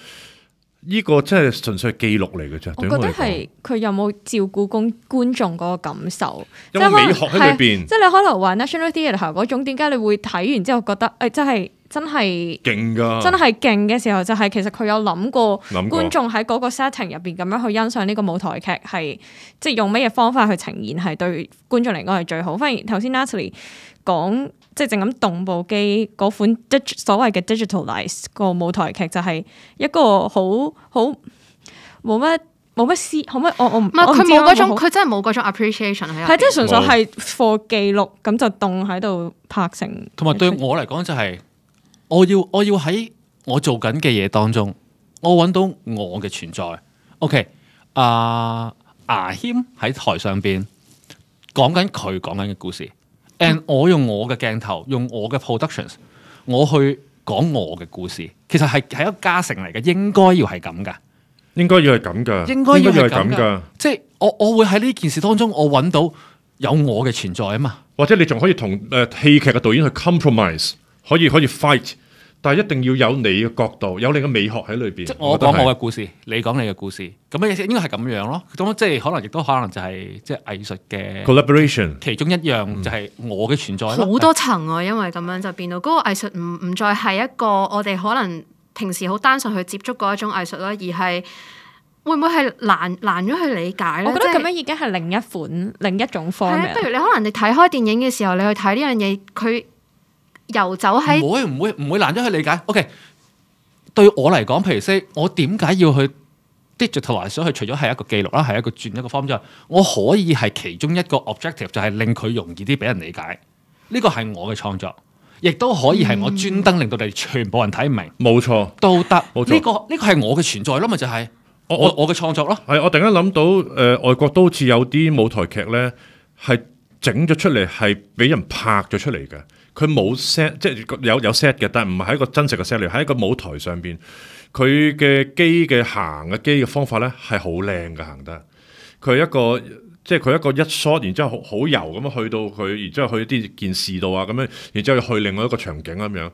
呢、這個真係純粹係記錄嚟嘅啫。我覺得係佢有冇照顧觀觀眾嗰個感受，有冇美學喺裏邊。即係你可能話 National Theatre 嗰種，點解你會睇完之後覺得誒，即、哎、係？真係勁噶！真係勁嘅時候就係、是、其實佢有諗過觀眾喺嗰個 setting 入邊咁樣去欣賞呢個舞台劇係即係用咩嘢方法去呈現，係對觀眾嚟講係最好。反而頭先 Natalie 講即係、就、淨、是、咁動部機嗰款 digital 所謂嘅 digitalized 個舞台劇就係一個好好冇乜冇乜思冇乜我我唔係佢冇嗰種佢很真係冇嗰種 appreciation 喺係即係純粹係 for 記錄咁就凍喺度拍成同埋對我嚟講就係、是。我要我要喺我做緊嘅嘢當中，我揾到我嘅存在。OK，阿牙謙喺台上邊講緊佢講緊嘅故事，and、嗯、我用我嘅鏡頭，用我嘅 productions，我去講我嘅故事。其實係係一個加成嚟嘅，應該要係咁噶，應該要係咁噶，應該要係咁噶。即係我我會喺呢件事當中，我揾到有我嘅存在啊嘛。或者你仲可以同誒戲劇嘅導演去 compromise。可以可以 fight，但係一定要有你嘅角度，有你嘅美學喺裏邊。即係我講我嘅故事，你講你嘅故事，咁嘅意思應該係咁樣咯。咁樣即係可能亦都可能就係即係藝術嘅 collaboration，其中一樣就係我嘅存在。好多層啊，因為咁樣就變到嗰個藝術唔唔再係一個我哋可能平時好單純去接觸嗰一種藝術啦，而係會唔會係難難咗去理解咧？我覺得咁樣已經係另一款另一種方面。譬如你可能你睇開電影嘅時候，你去睇呢樣嘢，佢。遊走唔會唔會唔會難咗去理解。OK，對我嚟講，譬如說，我點解要去 digitalize？所以除咗係一個記錄啦，係一個轉一個方向。我可以係其中一個 objective，就係令佢容易啲俾人理解。呢、這個係我嘅創作，亦都可以係我專登令到你哋全部人睇唔明。冇錯，都得。呢錯、這個呢、這個係我嘅存在咯，咪就係、是、我我嘅創作咯。係我突然間諗到，誒、呃，外國都好似有啲舞台劇呢，係整咗出嚟，係俾人拍咗出嚟嘅。佢冇 set，即係有有 set 嘅，但係唔係喺一個真實嘅 set 裏，係一個舞台上邊。佢嘅機嘅行嘅機嘅方法咧係好靚嘅行得。佢一個即係佢一個一 shot，然之後好好油咁樣去到佢，然之後去啲電視度啊咁樣，然之後去另外一個場景咁樣。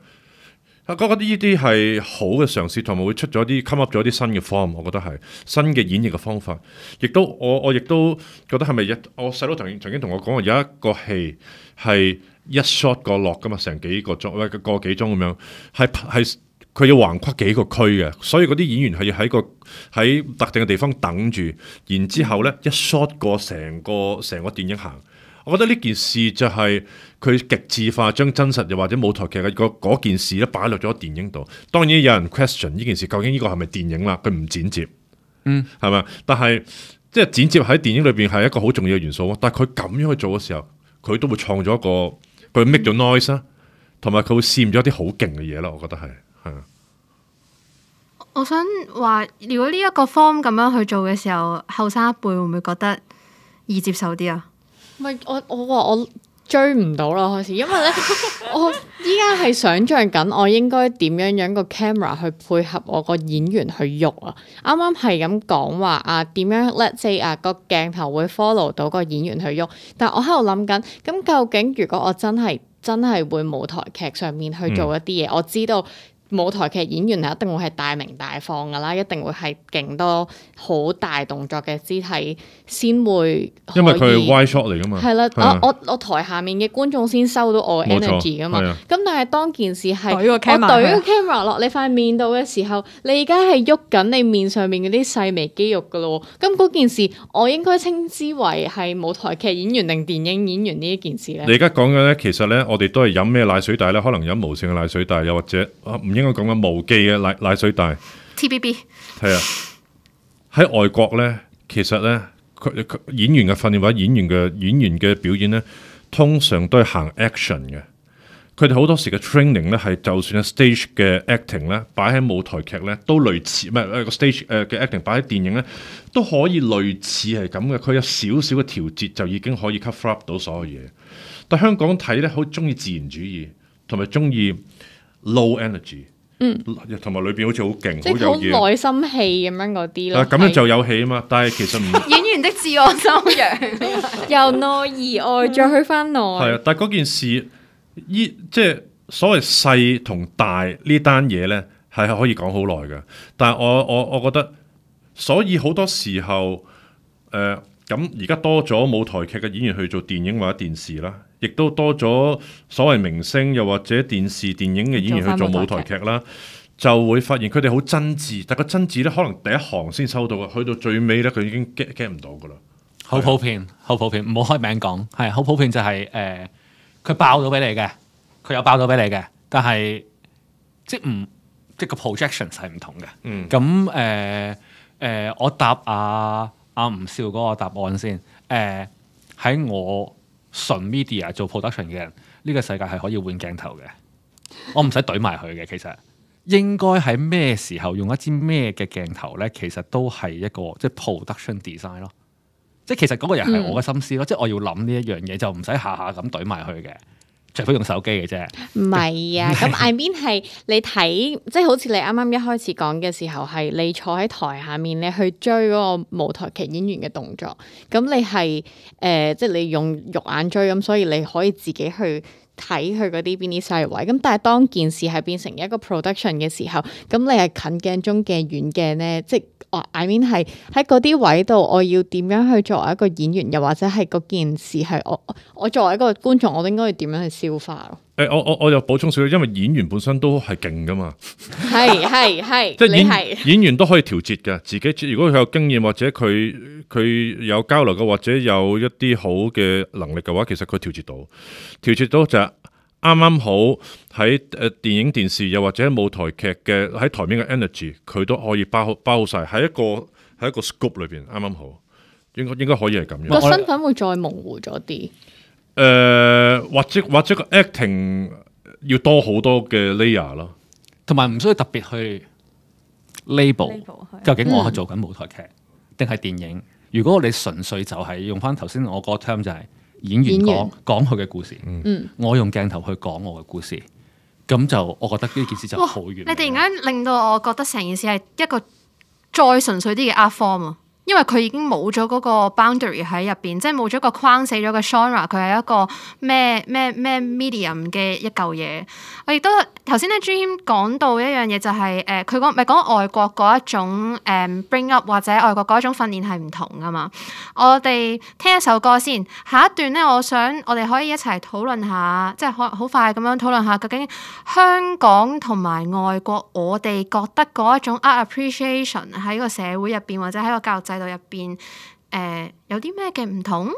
覺 form，我覺得呢啲係好嘅嘗試，同埋會出咗啲 come up 咗啲新嘅 form，我覺得係新嘅演繹嘅方法。亦都我我亦都覺得係咪？我細佬曾經曾經同我講過有一個戲係。S 一 shot 個落噶嘛，成幾個鐘，一個個幾鐘咁樣，係係佢要橫跨幾個區嘅，所以嗰啲演員係要喺個喺特定嘅地方等住，然之後咧一 shot 過成個成個電影行。我覺得呢件事就係佢極致化將真實又或者舞台劇嘅嗰件事咧擺落咗電影度。當然有人 question 呢件事，究竟呢個係咪電影啦？佢唔剪接，嗯，係咪？但係即係剪接喺電影裏邊係一個好重要嘅元素咯。但係佢咁樣去做嘅時候，佢都會創咗一個。佢 make 咗 noise 啦，同埋佢會閃咗啲好勁嘅嘢咯，我覺得係，係。我想話，如果呢一個 form 咁樣去做嘅時候，後生一輩會唔會覺得易接受啲啊？唔係我我話我。我追唔到啦，開始，因為咧， 我依家係想象緊，我應該點樣樣個 camera 去配合我演、啊剛剛說說啊 say, 啊、個演員去喐啊！啱啱係咁講話啊，點樣 let’s say 啊，個鏡頭會 follow 到個演員去喐，但係我喺度諗緊，咁究竟如果我真係真係會舞台劇上面去做一啲嘢，嗯、我知道。舞台劇演員係一定會係大名大放㗎啦，一定會係勁多好大動作嘅肢體先會。因為佢係 wide shot 嚟㗎嘛。係啦的的，我我台下面嘅觀眾先收到我 energy 㗎錯嘛。咁的但係當件事係的我對個 camera 落你塊面度嘅時候，你而家係喐緊你面上面嗰啲細微肌肉㗎咯。咁嗰件事，我應該稱之為係舞台劇演員定電影演員呢一件事咧？你而家講嘅咧，其實咧，我哋都係飲咩奶水帶咧？可能飲無線嘅奶水帶，又或者唔應。應該講緊無忌嘅奶瀨水大 TBB 係啊，喺外國咧，其實咧佢佢演員嘅訓練或者演員嘅演員嘅表演咧，通常都係行 action 嘅。佢哋好多時嘅 training 咧，係就算係 stage 嘅 acting 咧，擺喺舞台劇咧，都類似唔係誒個 stage 誒、呃、嘅 acting 擺喺電影咧，都可以類似係咁嘅。佢有少少嘅調節就已經可以 cover up 到所有嘢。但香港睇咧，好中意自然主義，同埋中意 low energy。嗯，同埋裏邊好似好勁，好有內心戲咁樣嗰啲咯。咁、啊、樣就有戲啊嘛，是但係其實唔 演員的自我修養， 由內而外，嗯、再去翻內。係啊，但係嗰件事依即係所謂細同大呢單嘢咧，係可以講好耐噶。但係我我我覺得，所以好多時候誒，咁而家多咗舞台劇嘅演員去做電影或者電視啦。亦都多咗所謂明星，又或者電視、電影嘅演員做去做舞台劇啦，就會發現佢哋好真摯，但個真摯咧，可能第一行先收到啊，去到最尾咧，佢已經 get get 唔到噶啦。好普遍，好吧普遍，唔好開名講，係好普遍就係、係、誒，佢、呃、爆咗俾你嘅，佢有爆咗俾你嘅，但係即唔即個 projections 係唔同嘅。嗯，咁誒誒，我答阿、啊、阿、啊、吳少嗰個答案先。誒、呃、喺我。純 media 做 production 嘅人，呢個世界係可以換鏡頭嘅。我唔使懟埋佢嘅。其實應該喺咩時候用一支咩嘅鏡頭咧？其實都係一個即係 production design 咯。即係其實嗰個人係我嘅心思咯。嗯、即係我要諗呢一樣嘢，就唔使下下咁懟埋佢嘅。除非用手機嘅啫，唔係啊！咁 I mean 係你睇，即係好似你啱啱一開始講嘅時候，係你坐喺台下面咧，去追嗰個舞台劇演員嘅動作。咁你係誒，即係你用肉眼追，咁所以你可以自己去。睇佢嗰啲邊啲細位咁，但係當件事係變成一個 production 嘅時候，咁你係近鏡中鏡、遠鏡咧，即係我，I mean 係，喺嗰啲位度，我要點樣去作為一個演員，又或者係嗰件事係我，我作為一個觀眾，我應該要點樣去消化咯。誒、哎、我我我又補充少少，因為演員本身都係勁㗎嘛，係係係，即係演演員都可以調節嘅，自己如果佢有經驗或者佢佢有交流嘅，或者有一啲好嘅能力嘅話，其實佢調節到，調節到就啱啱好喺誒電影電視又或者舞台劇嘅喺台面嘅 energy，佢都可以包好包好晒，喺一個喺一個 scope 裏邊啱啱好，應該應該可以係咁樣。個身份會再模糊咗啲。誒、呃、或者或者個 acting 要多好多嘅 layer 咯，同埋唔需要特別去 label。 究竟我係做緊舞台劇定係電影？如果你純粹就係、是、用翻頭先我個 term 就係演員，演員講講佢嘅故事，嗯、我用鏡頭去講我嘅故事，咁就我覺得呢件事就好遠。你突然間令到我覺得成件事係一個再純粹啲嘅 art form 啊！因為佢已經冇咗嗰個 boundary 喺入邊，即係冇咗個框死咗個 genre，佢係一個咩咩咩 medium 嘅一嚿嘢。我亦都頭先咧，朱謙講到一樣嘢就係誒，佢講唔係講外國嗰一種誒、嗯、bring up 或者外國嗰一種訓練係唔同噶嘛。我哋聽一首歌先，下一段咧，我想我哋可以一齊討論下，即係可好快咁樣討論下，究竟香港同埋外國我哋覺得嗰一種 art appreciation 喺個社會入邊或者喺個教育制。喺度入邊誒，有啲咩嘅唔同？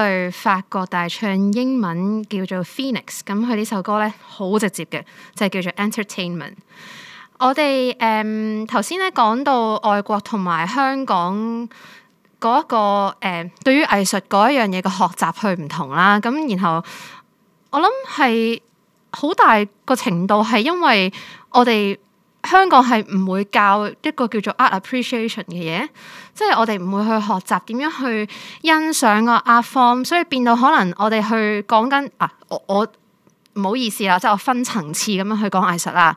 去法國大唱英文叫做 Phoenix，咁佢呢首歌呢，好直接嘅，就係、是、叫做 Entertainment。我哋嗯，頭先咧講到外國同埋香港嗰、那、一個誒、呃，對於藝術嗰一樣嘢嘅學習去唔同啦，咁然後我諗係好大個程度係因為我哋。香港係唔會教一個叫做 art appreciation 嘅嘢，即係我哋唔會去學習點樣去欣賞個 art form，所以變到可能我哋去講緊啊，我我唔好意思啦，即係我分層次咁樣去講藝術啦。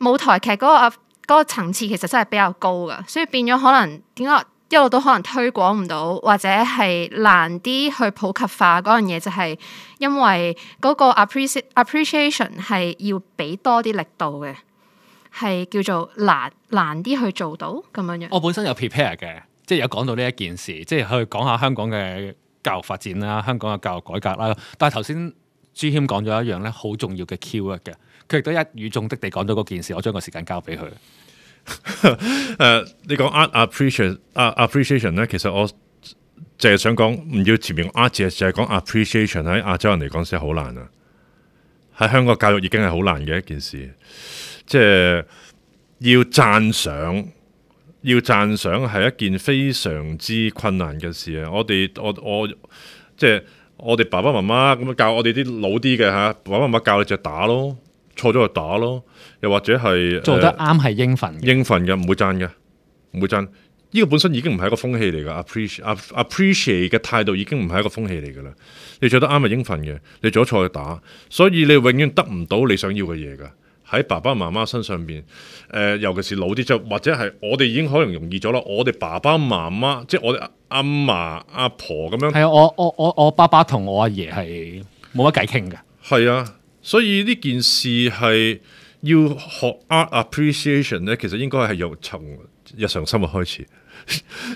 舞台劇嗰個啊嗰個層次其實真係比較高㗎，所以變咗可能點解一路都可能推廣唔到，或者係難啲去普及化嗰樣嘢，就係因為嗰個 appreciation appreciation 係要俾多啲力度嘅。係叫做難難啲去做到咁樣樣。我本身有 prepare 嘅，即係有講到呢一件事，即係去講下香港嘅教育發展啦，香港嘅教育改革啦。但係頭先朱謙講咗一樣咧，好重要嘅 cue 嘅，佢亦都一語中的地講咗嗰件事，我將個時間交俾佢。誒， uh, 你講 art appreciation，art appreciation 咧，其實我淨係想講，唔要前面 art 字，就係講 appreciation 喺亞洲人嚟講先係好難啊。喺香港教育已經係好難嘅一件事。即係要讚賞，要讚賞係一件非常之困難嘅事啊！我哋我我即係我哋爸爸媽媽咁樣教我哋啲老啲嘅嚇，爸爸媽媽教你就打咯，錯咗就打咯，又或者係做得啱係應份，應份嘅唔會讚嘅，唔會讚。呢個本身已經唔係一個風氣嚟㗎，appreciate appreciate 嘅態度已經唔係一個風氣嚟㗎啦。你做得啱係應份嘅，你做咗錯去打，所以你永遠得唔到你想要嘅嘢㗎。喺爸爸媽媽身上邊，誒、呃，尤其是老啲，即或者係我哋已經可能容易咗啦。我哋爸爸媽媽，即係我哋阿嫲阿婆咁樣。係啊，我我我我爸爸同我阿爺係冇乜偈傾嘅。係啊，所以呢件事係要學 appreciation 咧，其實應該係由從日常生活開始，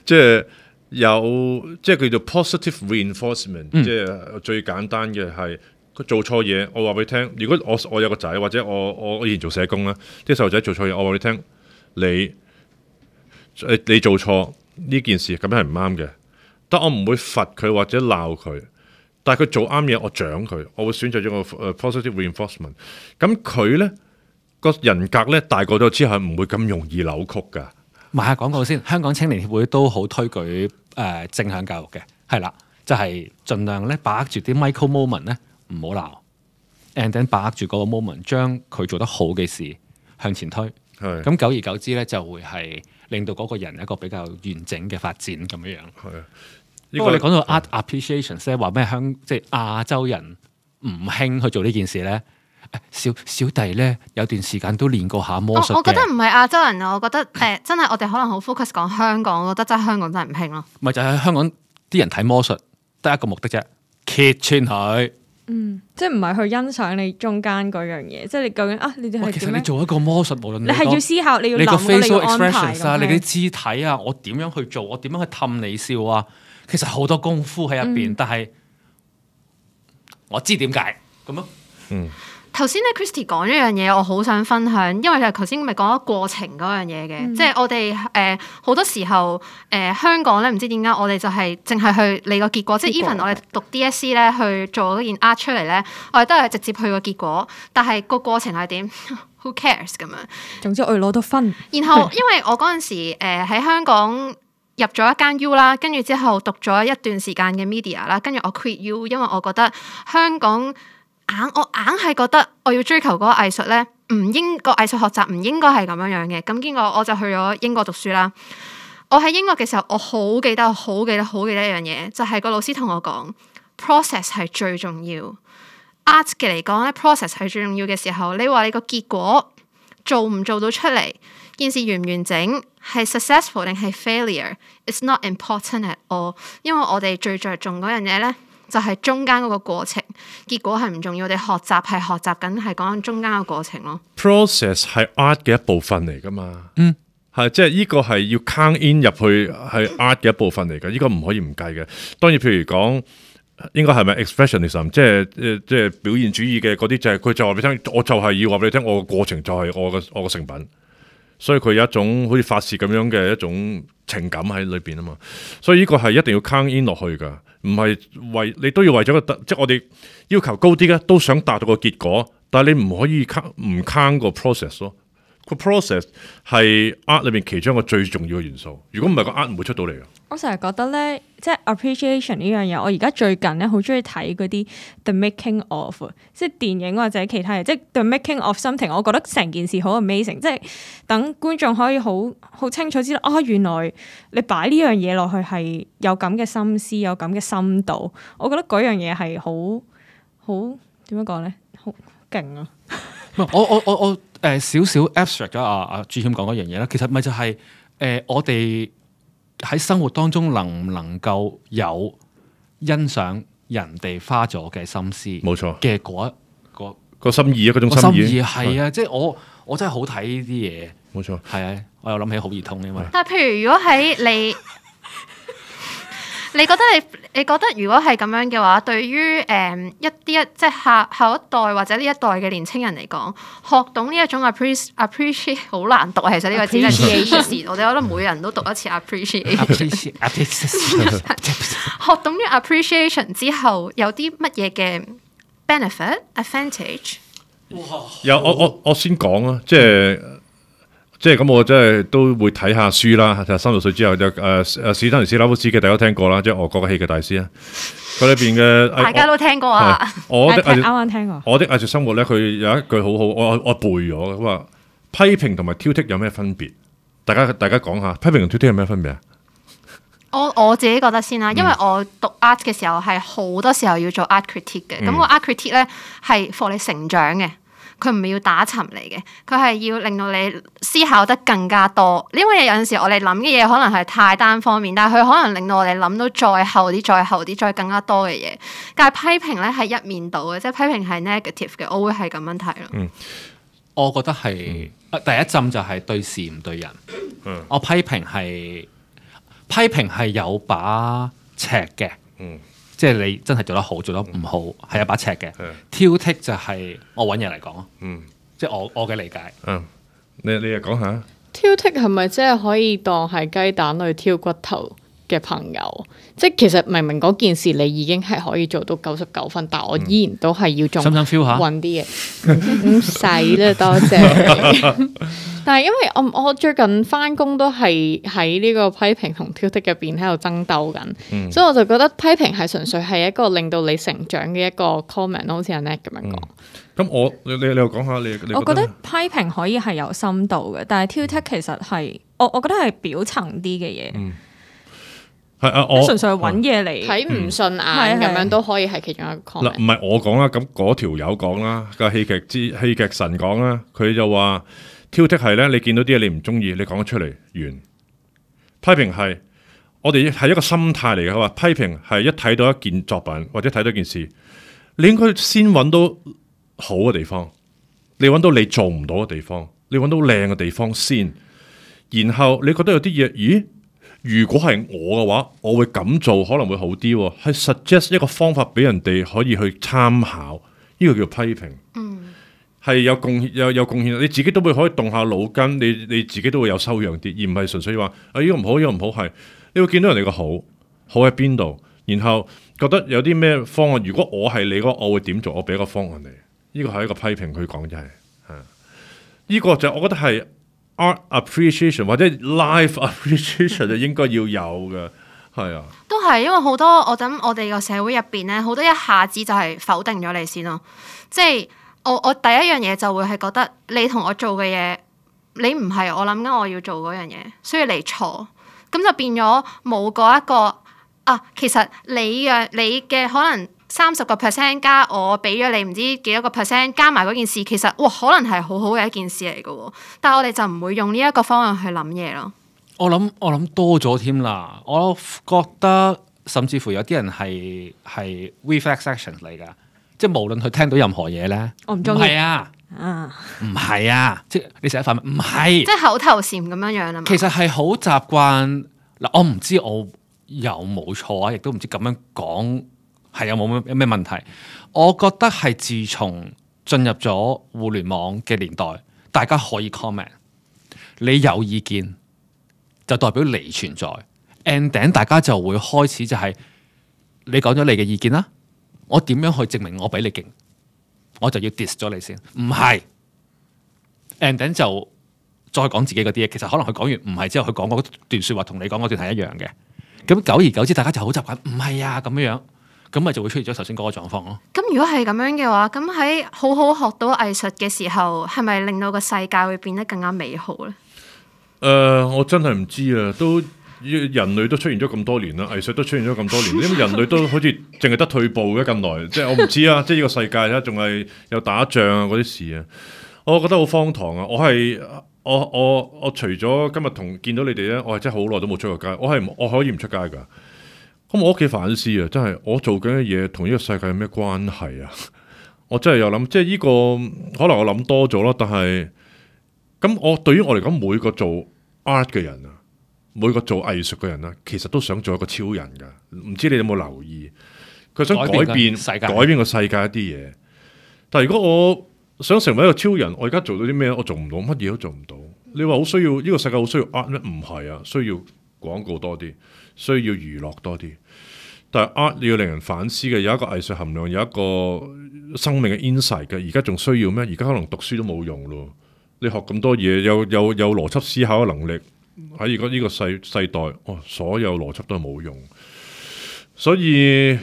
即 係有即係、就是、叫做 positive reinforcement，即係、嗯、最簡單嘅係。佢做錯嘢，我話俾你聽。如果我我有個仔，或者我我以前做社工咧，啲細路仔做錯嘢，我話俾你聽，你你做錯呢件事咁樣係唔啱嘅。但我唔會罰佢或者鬧佢，但係佢做啱嘢，我獎佢。我會選擇咗個 positive reinforcement。咁佢呢個人格呢，大個咗之後係唔會咁容易扭曲㗎。賣下廣告先，香港青年協會都好推舉誒、呃、正向教育嘅，係啦，就係、是、盡量呢把握住啲 micro moment 咧。唔好鬧 and then 把握住嗰個 moment，將佢做得好嘅事向前推。咁的久而久之呢，就會係令到嗰個人一個比較完整嘅發展咁樣樣。係啊的，如果你講到 art appreciation 咧的，話咩香即係亞洲人唔興去做呢件事呢、哎？小小弟呢，有段時間都練過下魔術我覺得唔係亞洲人啊，我覺得誒、呃、真係我哋可能好 focus 講香港，我覺得真係香港真係唔興咯。咪就係、是、香港啲人睇魔術得一個目的啫，揭穿佢。嗯，即係唔係去欣賞你中間嗰樣嘢，即係你究竟啊，你哋係點？其實你做一個魔術，無論你係要思考，你要你個 facial expressions 啊，你啲肢體啊，我點樣去做，我點樣去氹你笑啊？其實好多功夫喺入邊，嗯、但係我知點解咁樣。嗯。頭先咧 Christy 講咗樣嘢，我好想分享，因為佢頭先咪講咗過程嗰樣嘢嘅，嗯、即係我哋誒好多時候誒、呃、香港咧，唔知點解我哋就係淨係去理個結果，結果即係 even 我哋讀 DSE 咧去做嗰件 art 出嚟咧，我哋都係直接去個結果，但係個過程係點 ？Who cares 咁樣？總之我哋攞到分。然後 因為我嗰陣時誒喺、呃、香港入咗一間 U 啦，跟住之後讀咗一段時間嘅 media 啦，跟住我 quit U，因為我覺得香港。硬我硬係覺得我要追求嗰個藝術咧，唔應個藝術學習唔應該係咁樣樣嘅。咁經過我就去咗英國讀書啦。我喺英國嘅時候，我好記得，好記得，好記得一樣嘢，就係個老師同我講，process 係最重要。Art 嘅嚟講咧，process 係最重要嘅時候，你話你個結果做唔做到出嚟，件事完唔完整，係 successful 定係 failure，it's not important at all，因為我哋最着重嗰樣嘢咧，就係中間嗰個過程。結果係唔重要，我哋學習係學習緊，係講中間嘅過程咯。Process 係 art 嘅一部分嚟噶嘛？嗯，係即係呢個係要 count in 入去係 art 嘅一部分嚟噶，呢、這個唔可以唔計嘅。當然，譬如講應該係咪 expressionism，即係即係表現主義嘅嗰啲，就係、是、佢就話俾你聽，我就係要話俾你聽，我嘅過程就係我嘅我嘅成品，所以佢有一種好似發泄咁樣嘅一種情感喺裏邊啊嘛，所以呢個係一定要 count in 落去噶。唔係為你都要為咗個，即係我哋要求高啲咧，都想達到個結果，但係你唔可以坑唔坑個 process 咯。個 process 係 art 裏面其中一個最重要嘅元素，如果唔係，個 art 唔會出到嚟嘅。我成日覺得咧，即係 appreciation 呢樣嘢，我而家最近咧好中意睇嗰啲 the making of，即係電影或者其他嘢，即係 the making of something，我覺得成件事好 amazing，即係等觀眾可以好好清楚知道啊，原來你擺呢樣嘢落去係有咁嘅心思，有咁嘅深度，我覺得嗰樣嘢係好好點樣講咧，好勁啊！我我我我。我我我誒少少 abstract 咗啊！啊朱謙講嗰樣嘢啦，其實咪就係、是、誒、呃、我哋喺生活當中能唔能夠有欣賞人哋花咗嘅心思，冇錯嘅嗰個個心意啊，嗰種心意係啊，啊即係我我真係好睇呢啲嘢，冇錯，係啊，我又諗起好熱痛，因為、啊、但係譬如如果喺你。 你覺得你你覺得如果係咁樣嘅話，對於誒、嗯、一啲一即係下後一代或者呢一代嘅年青人嚟講，學懂呢一種 appreciate appreciate 好難讀啊！其實呢個字，appreciation，我哋可能每人都讀一次 appreciation。 學懂咗 appreciation 之後，有啲乜嘢嘅 benefit advantage？哇！有我我我先講啊，即係。即係咁，我真係都會睇下書啦。就三十歲之後就誒誒史丹尼斯拉夫斯基，大家都聽過啦，即係俄國嘅戲劇大師啊。佢裏邊嘅大家都聽過啊。我啱啱 的 聽過。我的藝術生活咧，佢有一句好好，我我背咗咁話：批評同埋挑剔有咩分別？大家大家講下批評同挑剔有咩分別啊？我我自己覺得先啦，因為我讀 art 嘅時候係好、嗯、多時候要做 art critique 嘅。咁、嗯、個 art critique 咧係幫你成長嘅。佢唔係要打沉你嘅，佢係要令到你思考得更加多。因為有陣時我哋諗嘅嘢可能係太單方面，但係佢可能令到我哋諗到再後啲、再後啲、再更加多嘅嘢。但係批評咧係一面倒嘅，即係批評係 negative 嘅。我會係咁樣睇咯。嗯，我覺得係、嗯、第一浸就係對事唔對人。嗯，我批評係批評係有把尺嘅。嗯。即係你真係做得好，做得唔好係、嗯、一把尺嘅。的挑剔就係我揾人嚟講咯。嗯，即係我我嘅理解。嗯，你你又講下？挑剔係咪即係可以當係雞蛋去挑骨頭？嘅朋友，即係其實明明嗰件事你已經係可以做到九十九分，嗯、但我依然都係要再揾啲嘢，唔使啦，多 謝，謝。 但係因為我我最近翻工都係喺呢個批評同挑剔入邊喺度爭鬥緊，嗯、所以我就覺得批評係純粹係一個令到你成長嘅一個 comment，好似阿 Nick 咁樣講。咁、嗯、我你你又講下你，你我？我覺得批評可以係有深度嘅，但係挑剔其實係我我覺得係表層啲嘅嘢。係啊，我純粹係揾嘢嚟睇，唔、嗯、順眼咁樣都係可以係其中一個。嗱，唔係我講啦，咁嗰條友講啦，個戲劇之戲劇神講啦，佢就話挑剔係咧，你見到啲嘢你唔中意，你講得出嚟完。批評係我哋係一個心態嚟嘅，佢話批評係一睇到一件作品或者睇到件事，你應該先揾到好嘅地方，你揾到你做唔到嘅地方，你揾到靚嘅地方先，然後你覺得有啲嘢，咦？如果係我嘅話，我會咁做可能會好啲，哦，係 suggest 一個方法俾人哋可以去參考，呢、呢個叫批評，係、嗯、有貢獻有有貢獻，你自己都會可以動下腦筋，你你自己都會有修養啲，而唔係純粹話啊呢個唔好，呢、呢個唔好係，你會見到人哋個好好喺邊度，然後覺得有啲咩方案，如果我係你嗰，我會點做，我俾個方案你，呢、呢個係一個批評佢講就係，呢、啊呢個就我覺得係。啊，appreciation 或者 life appreciation 就 應該要有嘅，係啊都，都係因為好多我等我哋個社會入邊咧，好多一下子就係否定咗你先咯。即係我我第一樣嘢就會係覺得你同我做嘅嘢，你唔係我諗緊我要做嗰樣嘢，所以你錯，咁就變咗冇嗰一個啊。其實你嘅你嘅可能。三十個 percent 加我俾咗你唔知幾多個 percent 加埋嗰件事，其實哇可能係好好嘅一件事嚟嘅喎，但係我哋就唔會用呢一個方向去諗嘢咯。我諗我諗多咗添啦，我覺得甚至乎有啲人係係 reflex action 嚟㗎，即係無論佢聽到任何嘢咧，我唔中意，唔係啊，唔係啊，啊， 啊，即係你食一份唔係，即係口頭禪咁樣樣啊嘛。其實係好習慣嗱，我唔知我有冇錯啊，亦都唔知咁樣講。係啊，冇咩有咩問題。我覺得係自從進入咗互聯網嘅年代，大家可以 comment。你有意見就代表你存在 and then，大家就會開始就係你講咗你嘅意見啦。我點樣去證明我比你勁？我就要 dis 咗你先。唔係 and then 就再講自己嗰啲嘢。其實可能佢講完唔係之後，佢講嗰段説話同你講嗰段係一樣嘅。咁久而久之，大家就好習慣唔係啊咁樣樣。咁咪就會出現咗頭先嗰個狀況咯。咁如果係咁樣嘅話，咁喺好好學到藝術嘅時候，係咪令到個世界會變得更加美好呢？誒、呃，我真係唔知啊！都人類都出現咗咁多年啦，藝術都出現咗咁多年，因為 人類都好似淨係得退步嘅咁耐？即係我唔知啊！即係呢個世界咧，仲係有打仗啊嗰啲事啊，我覺得好荒唐啊！我係我我我，我除咗今日同見到你哋咧，我係真係好耐都冇出過街，我係我可以唔出街噶。咁、嗯、我屋企反思啊，真係我做緊嘅嘢同呢個世界有咩關係啊？ 我真係有諗，即係呢、這個可能我諗多咗啦。但係咁，我對於我嚟講，每個做 art 嘅人啊，每個做藝術嘅人啊，其實都想做一個超人噶。唔知你有冇留意佢想改變，改變世界，改變個世界一啲嘢。但係如果我想成為一個超人，我而家做到啲咩？我做唔到，乜嘢都做唔到。你話好需要呢、這個世界好需要 art 咩？唔係啊，需要廣告多啲，需要娛樂多啲。但係 art 要令人反思嘅，有一個藝術含量，有一個生命嘅 insight 嘅。而家仲需要咩？而家可能讀書都冇用咯。你學咁多嘢，有有有邏輯思考嘅能力喺而家呢個世世代，哦，所有邏輯都係冇用。所以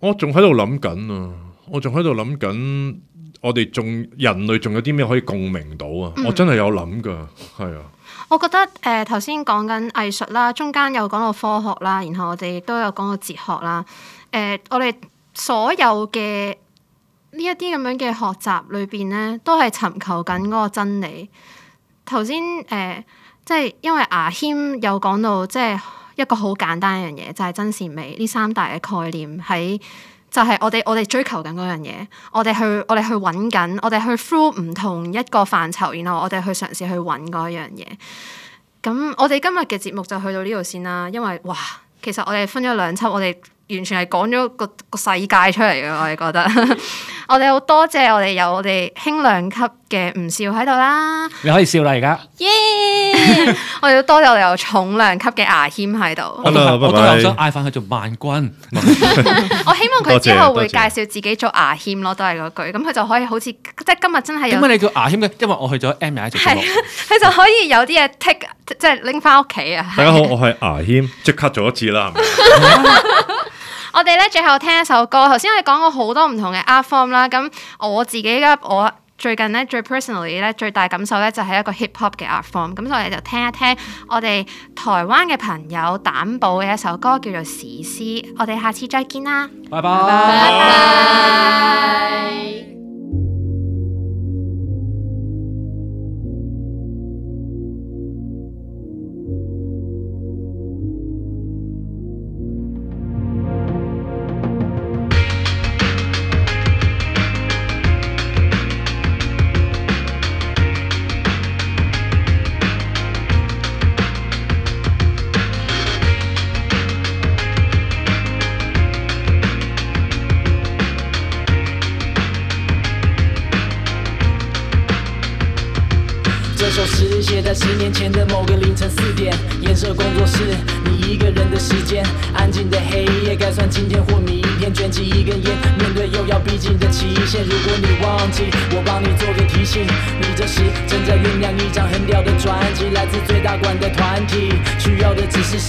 我仲喺度諗緊啊！我仲喺度諗緊，我哋仲人類仲有啲咩可以共鳴到啊？我真係有諗噶，係啊。我覺得誒，頭先講緊藝術啦，中間有講到科學啦，然後我哋都有講到哲學啦。誒、呃，我哋所有嘅呢一啲咁樣嘅學習裏邊咧，都係尋求緊嗰個真理。頭先誒，即係因為牙謙有講到，即係一個好簡單一樣嘢，就係、是、真善美呢三大嘅概念喺。就係我哋我哋追求緊嗰樣嘢，我哋去我哋去揾緊，我哋去，去 through 唔同一個範疇，然後我哋去嘗試去揾嗰樣嘢。咁我哋今日嘅節目就去到呢度先啦，因為哇，其實我哋分咗兩輯，我哋完全係講咗個個世界出嚟㗎，我哋覺得。 我哋好多謝我哋有我哋輕量級嘅吳少喺度啦，你可以笑啦，而家，耶！Yeah! 我哋多謝我哋有重量級嘅牙謙喺度， 我都有想嗌翻佢做萬軍。 我希望佢之後會介紹自己做牙謙咯，都係嗰句，咁佢就可以好似 即係今日真係有。點解你叫牙謙嘅？因為我去咗 M21 一齊做，係佢就可以有啲嘢 take 即係拎翻屋企啊。大家好，我係牙謙，即刻做一次啦。我哋咧最後聽一首歌，頭先我哋講過好多唔同嘅 art form 啦。咁我自己咧，我最近咧最 personally 咧最大感受咧就係一個 hip hop 嘅 art form。咁我哋就聽一聽我哋台灣嘅朋友蛋堡嘅一首歌叫做《史詩》。我哋下次再見啦，拜拜，拜拜。